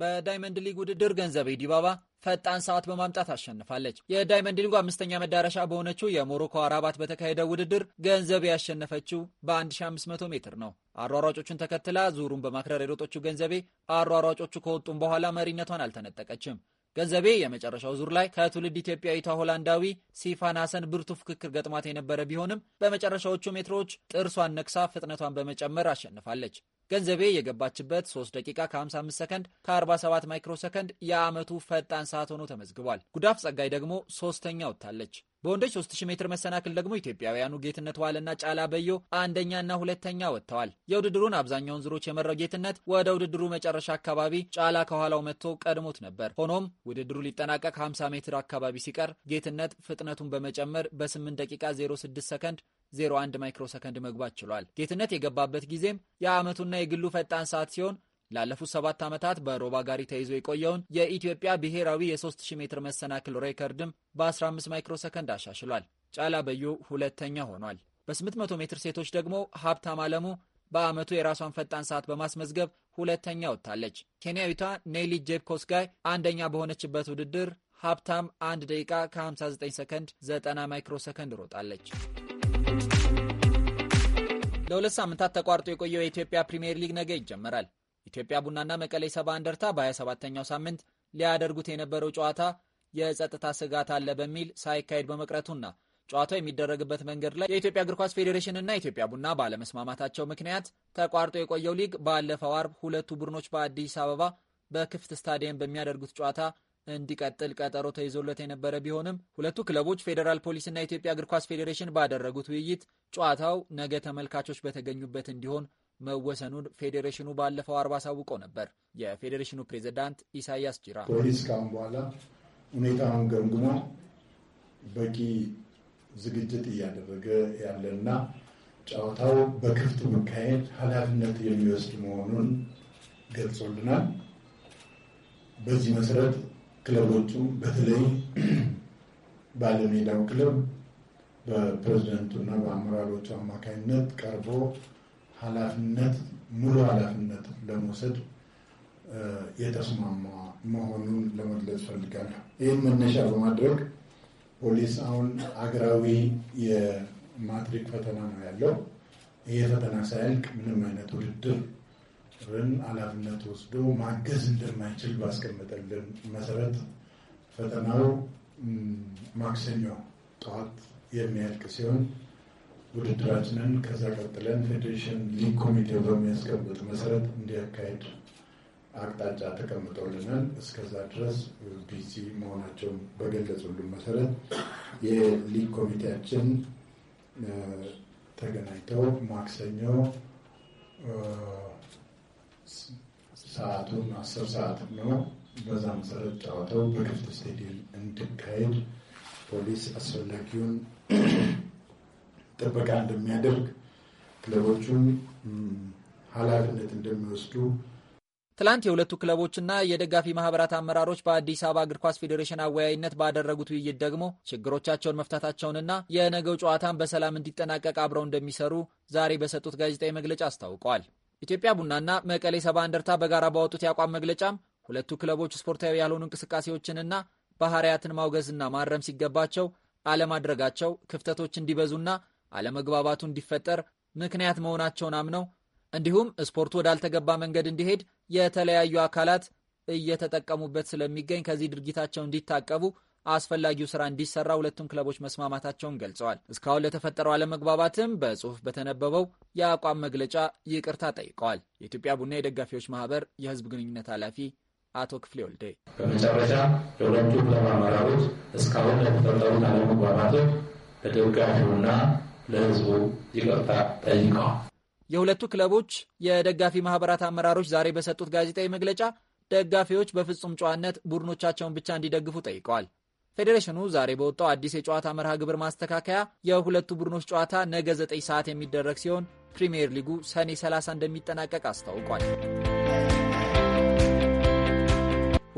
በዳይመንድ ሊግ ውድድር ገንዘቤ ዲባባ ፈጣን ሰዓት በማምጣት አሸንፋለች። የዳይመንድ ሊጉ አምስተኛ መዳረሻ በሆነችው የሞሮኮ አራባት በተካሄደው ውድድር ገንዘብ ያሸነፈችው በ1500 ሜትር ነው። አሯሯጮቹን ተከትላ ዙሩን በማክረር የሮጠችው ገንዘቤ አሯሯጮቹ ከወጡም በኋላ መሪነቷን አልተነጠቀችም። ገንዘቤ የመጨረሻው ዙር ላይ ከትውልድ ኢትዮጵያዊቷ ሆላንዳዊ ሲፋን ሀሰን ብርቱ ፍክክር ገጥማት የነበረ ቢሆንም በመጨረሻዎቹ ሜትሮች ጥርሷን ነክሳ ፍጥነቷን በመጨመር አሸንፋለች። ገንዘቤ የገባችበት 3 ደቂቃ ከ55 ሰከንድ ከ47 ማይክሮ ሰከንድ የዓመቱ ፈጣን ሰዓት ሆኖ ተመዝግቧል። ጉዳፍ ጸጋይ ደግሞ ሶስተኛ ወጥታለች። በወንዶች 3000 ሜትር መሰናክል ደግሞ ኢትዮጵያውያኑ ጌትነት ዋለና ጫላ በዮ አንደኛና ሁለተኛ ወጥተዋል። የውድድሩን አብዛኛውን ዙሮች የመራው ጌትነት ወደ ውድድሩ መጨረሻ አካባቢ ጫላ ከኋላው መጥቶ ቀድሞት ነበር። ሆኖም ውድድሩ ሊጠናቀቅ 50 ሜትር አካባቢ ሲቀር ጌትነት ፍጥነቱን በመጨመር በ8 ደቂቃ 06 ሰከንድ 01 ማይክሮ ሰከንድ መግባት ችሏል። ጌትነት የገባበት ጊዜም የዓመቱና የግሉ ፈጣን ሰዓት ሲሆን ላለፉት ሰባት ዓመታት በሮባ ጋሪ ተይዞ የቆየውን የኢትዮጵያ ብሔራዊ የ3000 ሜትር መሰናክል ሬከርድም በ15 ማይክሮ ሰከንድ አሻሽሏል። ጫላ በዩ ሁለተኛ ሆኗል። በ800 ሜትር ሴቶች ደግሞ ሀብታም አለሙ በዓመቱ የራሷን ፈጣን ሰዓት በማስመዝገብ ሁለተኛ ወጥታለች። ኬንያዊቷ ኔሊ ጋይ አንደኛ በሆነችበት ውድድር ሀብታም 1 ደቂቃ ከ59 ሰከንድ 90 ማይክሮ ሰከንድ ሮጣለች። ለሁለት ሳምንታት ተቋርጦ የቆየው የኢትዮጵያ ፕሪምየር ሊግ ነገ ይጀመራል። ኢትዮጵያ ቡናና መቀሌ ሰባ እንደርታ በ27ኛው ሳምንት ሊያደርጉት የነበረው ጨዋታ የጸጥታ ስጋት አለ በሚል ሳይካሄድ በመቅረቱና ጨዋታው የሚደረግበት መንገድ ላይ የኢትዮጵያ እግር ኳስ ፌዴሬሽንና ኢትዮጵያ ቡና ባለመስማማታቸው ምክንያት ተቋርጦ የቆየው ሊግ ባለፈው አርብ ሁለቱ ቡድኖች በአዲስ አበባ በክፍት ስታዲየም በሚያደርጉት ጨዋታ እንዲቀጥል ቀጠሮ ተይዞለት የነበረ ቢሆንም ሁለቱ ክለቦች ፌዴራል ፖሊስና የኢትዮጵያ እግር ኳስ ፌዴሬሽን ባደረጉት ውይይት ጨዋታው ነገ ተመልካቾች በተገኙበት እንዲሆን መወሰኑን ፌዴሬሽኑ ባለፈው አርባ አሳውቆ ነበር። የፌዴሬሽኑ ፕሬዚዳንት ኢሳያስ ጅራ ፖሊስ ካሁን በኋላ ሁኔታውን ገምግሞ በቂ ዝግጅት እያደረገ ያለና ጨዋታው በክፍት መካሄድ ኃላፊነት የሚወስድ መሆኑን ገልጾልናል። በዚህ መሰረት ክለቦቹም በተለይ ባለሜዳው ክለብ በፕሬዚደንቱ እና በአመራሮቹ አማካኝነት ቀርቦ ኃላፊነት ሙሉ ኃላፊነት ለመውሰድ የተስማማ መሆኑን ለመግለጽ ፈልጋለሁ። ይህም መነሻ በማድረግ ፖሊስ አሁን አገራዊ የማትሪክ ፈተና ነው ያለው። ይህ ፈተና ሳያልቅ ምንም አይነት ውድድር ሊያስተዳድርን ኃላፊነት ወስዶ ማገዝ እንደማይችል ባስቀመጠልን መሰረት ፈተናው ማክሰኞ ጠዋት የሚያልቅ ሲሆን ውድድራችንን ከዛ ቀጥለን ፌዴሬሽን ሊግ ኮሚቴው በሚያስቀምጥ መሰረት እንዲያካሄድ አቅጣጫ ተቀምጠውልናል። እስከዛ ድረስ ቢዚ መሆናቸውን በገለጹልን መሰረት የሊግ ኮሚቴያችን ተገናኝተው ማክሰኞ ሰዓቱን አስር ሰዓት ነው። በዛ መሰረት ጨዋታው በክፍት ስቴዲየም እንዲካሄድ ፖሊስ አስፈላጊውን ጥበቃ እንደሚያደርግ ክለቦቹን ኃላፊነት እንደሚወስዱ ትላንት የሁለቱ ክለቦችና የደጋፊ ማህበራት አመራሮች በአዲስ አበባ እግር ኳስ ፌዴሬሽን አወያይነት ባደረጉት ውይይት ደግሞ ችግሮቻቸውን መፍታታቸውንና የነገው ጨዋታን በሰላም እንዲጠናቀቅ አብረው እንደሚሰሩ ዛሬ በሰጡት ጋዜጣዊ መግለጫ አስታውቀዋል። ኢትዮጵያ ቡናና መቀሌ ሰባ እንደርታ በጋራ ባወጡት የአቋም መግለጫም ሁለቱ ክለቦች ስፖርታዊ ያልሆኑ እንቅስቃሴዎችንና ባህሪያትን ማውገዝና ማረም ሲገባቸው አለማድረጋቸው ክፍተቶች እንዲበዙና አለመግባባቱ እንዲፈጠር ምክንያት መሆናቸውን አምነው እንዲሁም ስፖርቱ ወዳልተገባ መንገድ እንዲሄድ የተለያዩ አካላት እየተጠቀሙበት ስለሚገኝ ከዚህ ድርጊታቸው እንዲታቀቡ አስፈላጊው ስራ እንዲሰራ ሁለቱም ክለቦች መስማማታቸውን ገልጸዋል። እስካሁን ለተፈጠረው አለመግባባትም በጽሁፍ በተነበበው የአቋም መግለጫ ይቅርታ ጠይቀዋል። የኢትዮጵያ ቡና የደጋፊዎች ማህበር የህዝብ ግንኙነት ኃላፊ አቶ ክፍሌ ወልዴ በመጨረሻ የሁለቱ ክለብ አመራሮች እስካሁን ለተፈጠሩት አለመግባባቶች ለደጋፊውና ለህዝቡ ይቅርታ ጠይቀዋል። የሁለቱ ክለቦች የደጋፊ ማህበራት አመራሮች ዛሬ በሰጡት ጋዜጣዊ መግለጫ ደጋፊዎች በፍጹም ጨዋነት ቡድኖቻቸውን ብቻ እንዲደግፉ ጠይቀዋል። ፌዴሬሽኑ ዛሬ በወጣው አዲስ የጨዋታ መርሃ ግብር ማስተካከያ የሁለቱ ቡድኖች ጨዋታ ነገ 9 ሰዓት የሚደረግ ሲሆን ፕሪምየር ሊጉ ሰኔ 30 እንደሚጠናቀቅ አስታውቋል።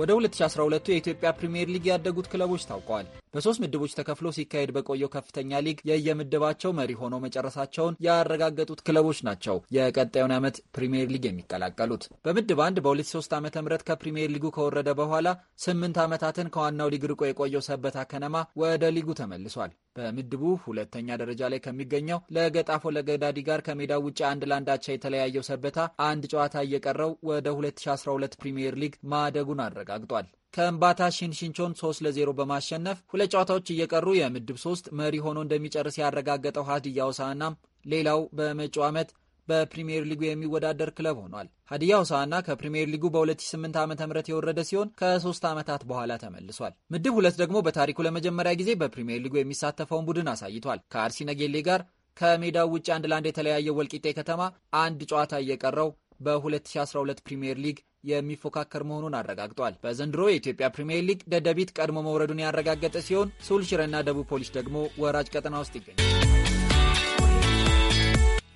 ወደ 2012 የኢትዮጵያ ፕሪምየር ሊግ ያደጉት ክለቦች ታውቀዋል። በሶስት ምድቦች ተከፍሎ ሲካሄድ በቆየው ከፍተኛ ሊግ የየምድባቸው መሪ ሆኖ መጨረሳቸውን ያረጋገጡት ክለቦች ናቸው የቀጣዩን ዓመት ፕሪምየር ሊግ የሚቀላቀሉት። በምድብ አንድ በ2003 ዓ ም ከፕሪምየር ሊጉ ከወረደ በኋላ ስምንት ዓመታትን ከዋናው ሊግ ርቆ የቆየው ሰበታ ከነማ ወደ ሊጉ ተመልሷል። በምድቡ ሁለተኛ ደረጃ ላይ ከሚገኘው ለገጣፎ ለገዳዲ ጋር ከሜዳው ውጭ አንድ ለአንዳቻ የተለያየው ሰበታ አንድ ጨዋታ እየቀረው ወደ 2012 ፕሪምየር ሊግ ማደጉን አረጋግጧል። ከእምባታ ሽንሽንቾን 3 ለ0 በማሸነፍ ሁለት ጨዋታዎች እየቀሩ የምድብ 3 መሪ ሆኖ እንደሚጨርስ ያረጋገጠው ሀዲያ ሆሳዕና ሌላው በመጪው ዓመት በፕሪምየር ሊጉ የሚወዳደር ክለብ ሆኗል። ሀዲያ ሆሳዕና ከፕሪምየር ሊጉ በ2008 ዓ ም የወረደ ሲሆን ከሶስት ዓመታት በኋላ ተመልሷል። ምድብ ሁለት ደግሞ በታሪኩ ለመጀመሪያ ጊዜ በፕሪምየር ሊጉ የሚሳተፈውን ቡድን አሳይቷል። ከአርሲ ነጌሌ ጋር ከሜዳው ውጭ አንድ ለአንድ የተለያየው ወልቂጤ ከተማ አንድ ጨዋታ እየቀረው በ2012 ፕሪምየር ሊግ የሚፎካከር መሆኑን አረጋግጧል። በዘንድሮ የኢትዮጵያ ፕሪምየር ሊግ ደደቢት ቀድሞ መውረዱን ያረጋገጠ ሲሆን ሱልሽረና ደቡብ ፖሊስ ደግሞ ወራጅ ቀጠና ውስጥ ይገኛል።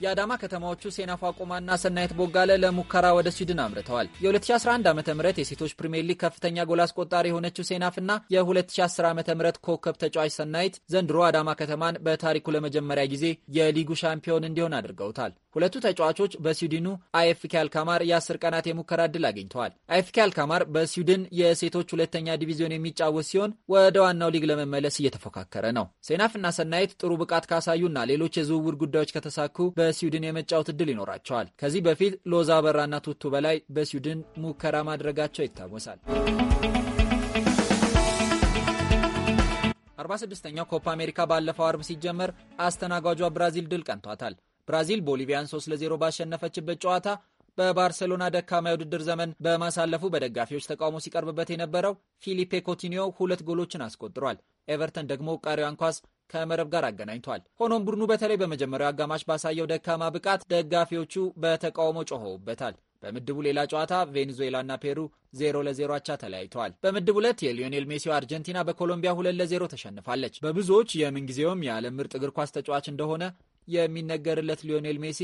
የአዳማ ከተማዎቹ ሴናፋ ቆማና ሰናይት ቦጋለ ለሙከራ ወደ ስዊድን አምርተዋል። የ2011 ዓ ም የሴቶች ፕሪምየር ሊግ ከፍተኛ ጎል አስቆጣሪ የሆነችው ሴናፍና የ2010 ዓ ም ኮከብ ተጫዋች ሰናይት ዘንድሮ አዳማ ከተማን በታሪኩ ለመጀመሪያ ጊዜ የሊጉ ሻምፒዮን እንዲሆን አድርገውታል። ሁለቱ ተጫዋቾች በስዊድኑ አይኤፍኬ አልካማር የ10 ቀናት የሙከራ ዕድል አግኝተዋል። አይኤፍኬ አልካማር በስዊድን የሴቶች ሁለተኛ ዲቪዚዮን የሚጫወት ሲሆን ወደ ዋናው ሊግ ለመመለስ እየተፎካከረ ነው። ሴናፍና ሰናይት ጥሩ ብቃት ካሳዩና ሌሎች የዝውውር ጉዳዮች ከተሳኩ ለስዊድን የመጫወት እድል ይኖራቸዋል። ከዚህ በፊት ሎዛ በራና ቱቱ በላይ በስዊድን ሙከራ ማድረጋቸው ይታወሳል። 46ኛው ኮፓ አሜሪካ ባለፈው አርብ ሲጀመር አስተናጋጇ ብራዚል ድል ቀንቷታል። ብራዚል ቦሊቪያን 3 ለ0 ባሸነፈችበት ጨዋታ በባርሴሎና ደካማ የውድድር ዘመን በማሳለፉ በደጋፊዎች ተቃውሞ ሲቀርብበት የነበረው ፊሊፔ ኮቲኒዮ ሁለት ጎሎችን አስቆጥሯል። ኤቨርተን ደግሞ ቀሪዋን ኳስ ከመረብ ጋር አገናኝቷል። ሆኖም ቡድኑ በተለይ በመጀመሪያው አጋማሽ ባሳየው ደካማ ብቃት ደጋፊዎቹ በተቃውሞ ጮኸውበታል። በምድቡ ሌላ ጨዋታ ቬኔዙዌላና ፔሩ ዜሮ 0 አቻ ተለያይተዋል። በምድብ ሁለት የሊዮኔል ሜሲ አርጀንቲና በኮሎምቢያ ለ ለዜሮ ተሸንፋለች። በብዙዎች የምንጊዜውም የዓለም ምርጥ እግር ኳስ ተጫዋች እንደሆነ የሚነገርለት ሊዮኔል ሜሲ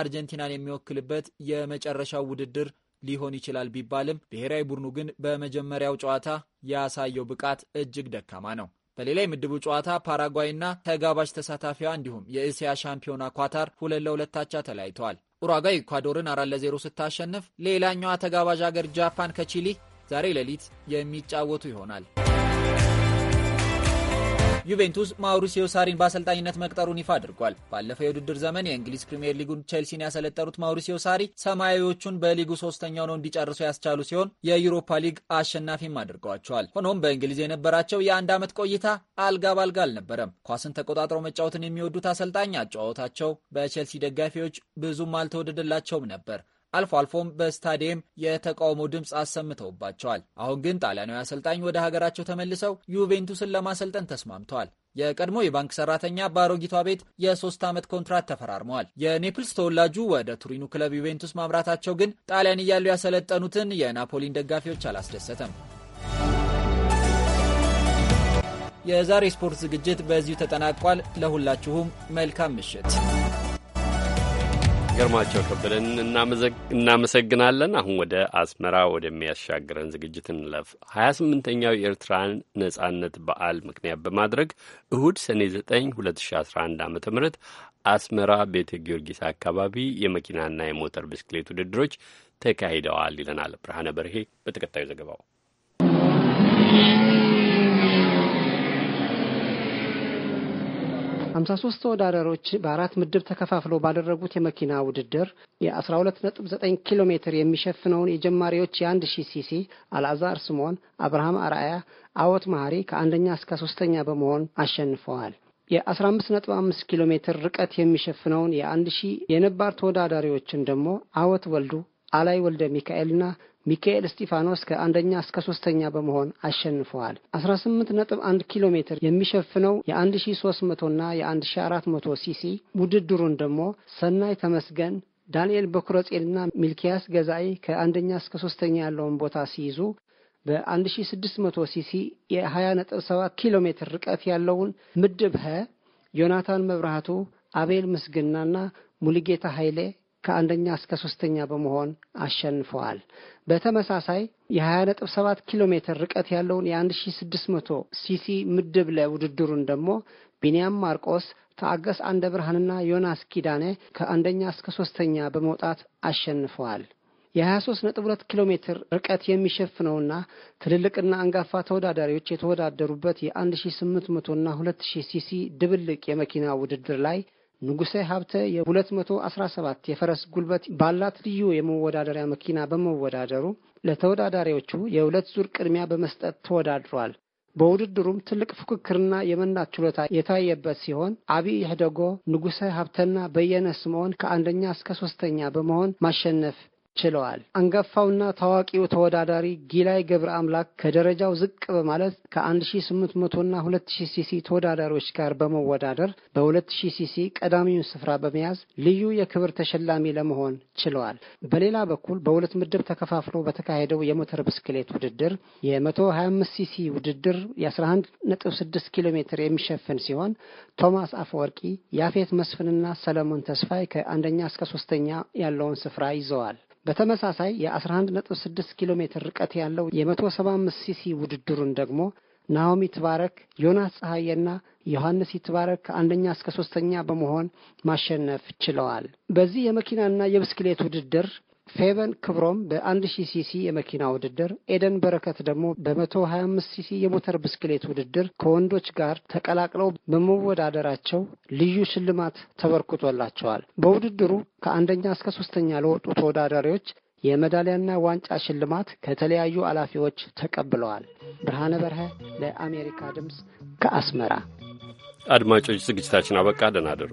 አርጀንቲናን የሚወክልበት የመጨረሻው ውድድር ሊሆን ይችላል ቢባልም ብሔራዊ ቡድኑ ግን በመጀመሪያው ጨዋታ ያሳየው ብቃት እጅግ ደካማ ነው። በሌላ የምድቡ ጨዋታ ፓራጓይና ተጋባዥ ተሳታፊዋ እንዲሁም የእስያ ሻምፒዮና ኳታር ሁለት ለሁለት አቻ ተለያይተዋል። ኡራጓይ ኢኳዶርን አራት ለዜሮ ስታሸንፍ፣ ሌላኛዋ ተጋባዥ አገር ጃፓን ከቺሊ ዛሬ ሌሊት የሚጫወቱ ይሆናል። ዩቬንቱስ ማውሪሲዮ ሳሪን በአሰልጣኝነት መቅጠሩን ይፋ አድርጓል። ባለፈው የውድድር ዘመን የእንግሊዝ ፕሪምየር ሊጉን ቼልሲን ያሰለጠሩት ማውሪሲዮ ሳሪ ሰማያዊዎቹን በሊጉ ሶስተኛው ነው እንዲጨርሱ ያስቻሉ ሲሆን የዩሮፓ ሊግ አሸናፊም አድርገዋቸዋል። ሆኖም በእንግሊዝ የነበራቸው የአንድ ዓመት ቆይታ አልጋ ባልጋ አልነበረም። ኳስን ተቆጣጥሮ መጫወትን የሚወዱት አሰልጣኝ አጨዋወታቸው በቼልሲ ደጋፊዎች ብዙም አልተወደደላቸውም ነበር። አልፎ አልፎም በስታዲየም የተቃውሞ ድምፅ አሰምተውባቸዋል። አሁን ግን ጣሊያናዊ አሰልጣኝ ወደ ሀገራቸው ተመልሰው ዩቬንቱስን ለማሰልጠን ተስማምተዋል። የቀድሞ የባንክ ሰራተኛ በአሮጊቷ ቤት የሶስት ዓመት ኮንትራት ተፈራርመዋል። የኔፕልስ ተወላጁ ወደ ቱሪኑ ክለብ ዩቬንቱስ ማምራታቸው ግን ጣሊያን እያሉ ያሰለጠኑትን የናፖሊን ደጋፊዎች አላስደሰተም። የዛሬ ስፖርት ዝግጅት በዚሁ ተጠናቋል። ለሁላችሁም መልካም ምሽት። ገርማቸው ከበደን እናመሰግናለን። አሁን ወደ አስመራ ወደሚያሻግረን ዝግጅት እንለፍ። ሀያ ስምንተኛው የኤርትራን ነጻነት በዓል ምክንያት በማድረግ እሁድ ሰኔ ዘጠኝ ሁለት ሺ አስራ አንድ ዓመተ ምህረት አስመራ ቤተ ጊዮርጊስ አካባቢ የመኪናና የሞተር ብስክሌት ውድድሮች ተካሂደዋል ይለናል ብርሃነ በርሄ በተከታዩ ዘገባው። ሶስት ተወዳዳሪዎች በአራት ምድብ ተከፋፍለው ባደረጉት የመኪና ውድድር የ12.9 ኪሎ ሜትር የሚሸፍነውን የጀማሪዎች የአንድ ሺ ሺህ ሲሲ አልአዛር ስምዖን፣ አብርሃም አርአያ፣ አወት መሀሪ ከአንደኛ እስከ ሶስተኛ በመሆን አሸንፈዋል። የ15.5 ኪሎ ሜትር ርቀት የሚሸፍነውን የአንድ ሺ ሺህ የነባር ተወዳዳሪዎችን ደግሞ አወት ወልዱ፣ አላይ ወልደ ሚካኤልና ሚካኤል እስጢፋኖስ ከአንደኛ እስከ ሶስተኛ በመሆን አሸንፈዋል። 18.1 ኪሎ ሜትር የሚሸፍነው የ1300 እና የ1400 ሲሲ ውድድሩን ደግሞ ሰናይ ተመስገን፣ ዳንኤል እና ሚልኪያስ ገዛይ ከአንደኛ እስከ ሶስተኛ ያለውን ቦታ ሲይዙ በ1600 ሲሲ የ20.7 ኪሎ ሜትር ርቀት ያለውን ምድብ ሀ ዮናታን መብርሃቱ፣ አቤል ምስግናና ሙልጌታ ኃይሌ ከአንደኛ እስከ ሶስተኛ በመሆን አሸንፈዋል። በተመሳሳይ የ 27 ኪሎ ሜትር ርቀት ያለውን የ1600 ሲሲ ምድብ ላይ ውድድሩን ደግሞ ቢንያም ማርቆስ ታገስ አንደ ብርሃንና ዮናስ ኪዳኔ ከአንደኛ እስከ ሶስተኛ በመውጣት አሸንፈዋል። የ23.2 ኪሎ ሜትር ርቀት የሚሸፍነውና ትልልቅና አንጋፋ ተወዳዳሪዎች የተወዳደሩበት የ1800ና 2000 ሲሲ ድብልቅ የመኪና ውድድር ላይ ንጉሴ ሀብተ የ217 የፈረስ ጉልበት ባላት ልዩ የመወዳደሪያ መኪና በመወዳደሩ ለተወዳዳሪዎቹ የሁለት ዙር ቅድሚያ በመስጠት ተወዳድሯል። በውድድሩም ትልቅ ፉክክርና የመናት ችሎታ የታየበት ሲሆን አብይ ህደጎ፣ ንጉሰ ሀብተና በየነ ስምዖን ከአንደኛ እስከ ሶስተኛ በመሆን ማሸነፍ ችለዋል። አንጋፋውና ታዋቂው ተወዳዳሪ ጊላይ ገብረ አምላክ ከደረጃው ዝቅ በማለት ከ 1800 እና 2000 ሲሲ ተወዳዳሪዎች ጋር በመወዳደር በ2000 ሲሲ ቀዳሚውን ስፍራ በመያዝ ልዩ የክብር ተሸላሚ ለመሆን ችለዋል። በሌላ በኩል በሁለት ምድብ ተከፋፍሎ በተካሄደው የሞተር ብስክሌት ውድድር የ125 ሲሲ ውድድር የ11.6 ኪሎ ሜትር የሚሸፍን ሲሆን ቶማስ አፈወርቂ፣ ያፌት መስፍንና ሰለሞን ተስፋይ ከአንደኛ እስከ ሶስተኛ ያለውን ስፍራ ይዘዋል። በተመሳሳይ የ11.6 ኪሎ ሜትር ርቀት ያለው የ175 ሲሲ ውድድሩን ደግሞ ናሆሚ ትባረክ፣ ዮናስ ፀሐዬና ዮሐንስ ይትባረክ ከአንደኛ እስከ ሶስተኛ በመሆን ማሸነፍ ችለዋል። በዚህ የመኪናና የብስክሌት ውድድር ፌቨን ክብሮም በ1000 ሲሲ የመኪና ውድድር፣ ኤደን በረከት ደግሞ በ125 ሲሲ የሞተር ብስክሌት ውድድር ከወንዶች ጋር ተቀላቅለው በመወዳደራቸው ልዩ ሽልማት ተበርክቶላቸዋል። በውድድሩ ከአንደኛ እስከ ሶስተኛ ለወጡ ተወዳዳሪዎች የሜዳሊያና ዋንጫ ሽልማት ከተለያዩ ኃላፊዎች ተቀብለዋል። ብርሃነ በርሀ ለአሜሪካ ድምፅ ከአስመራ። አድማጮች ዝግጅታችን አበቃ። ደህና እደሩ።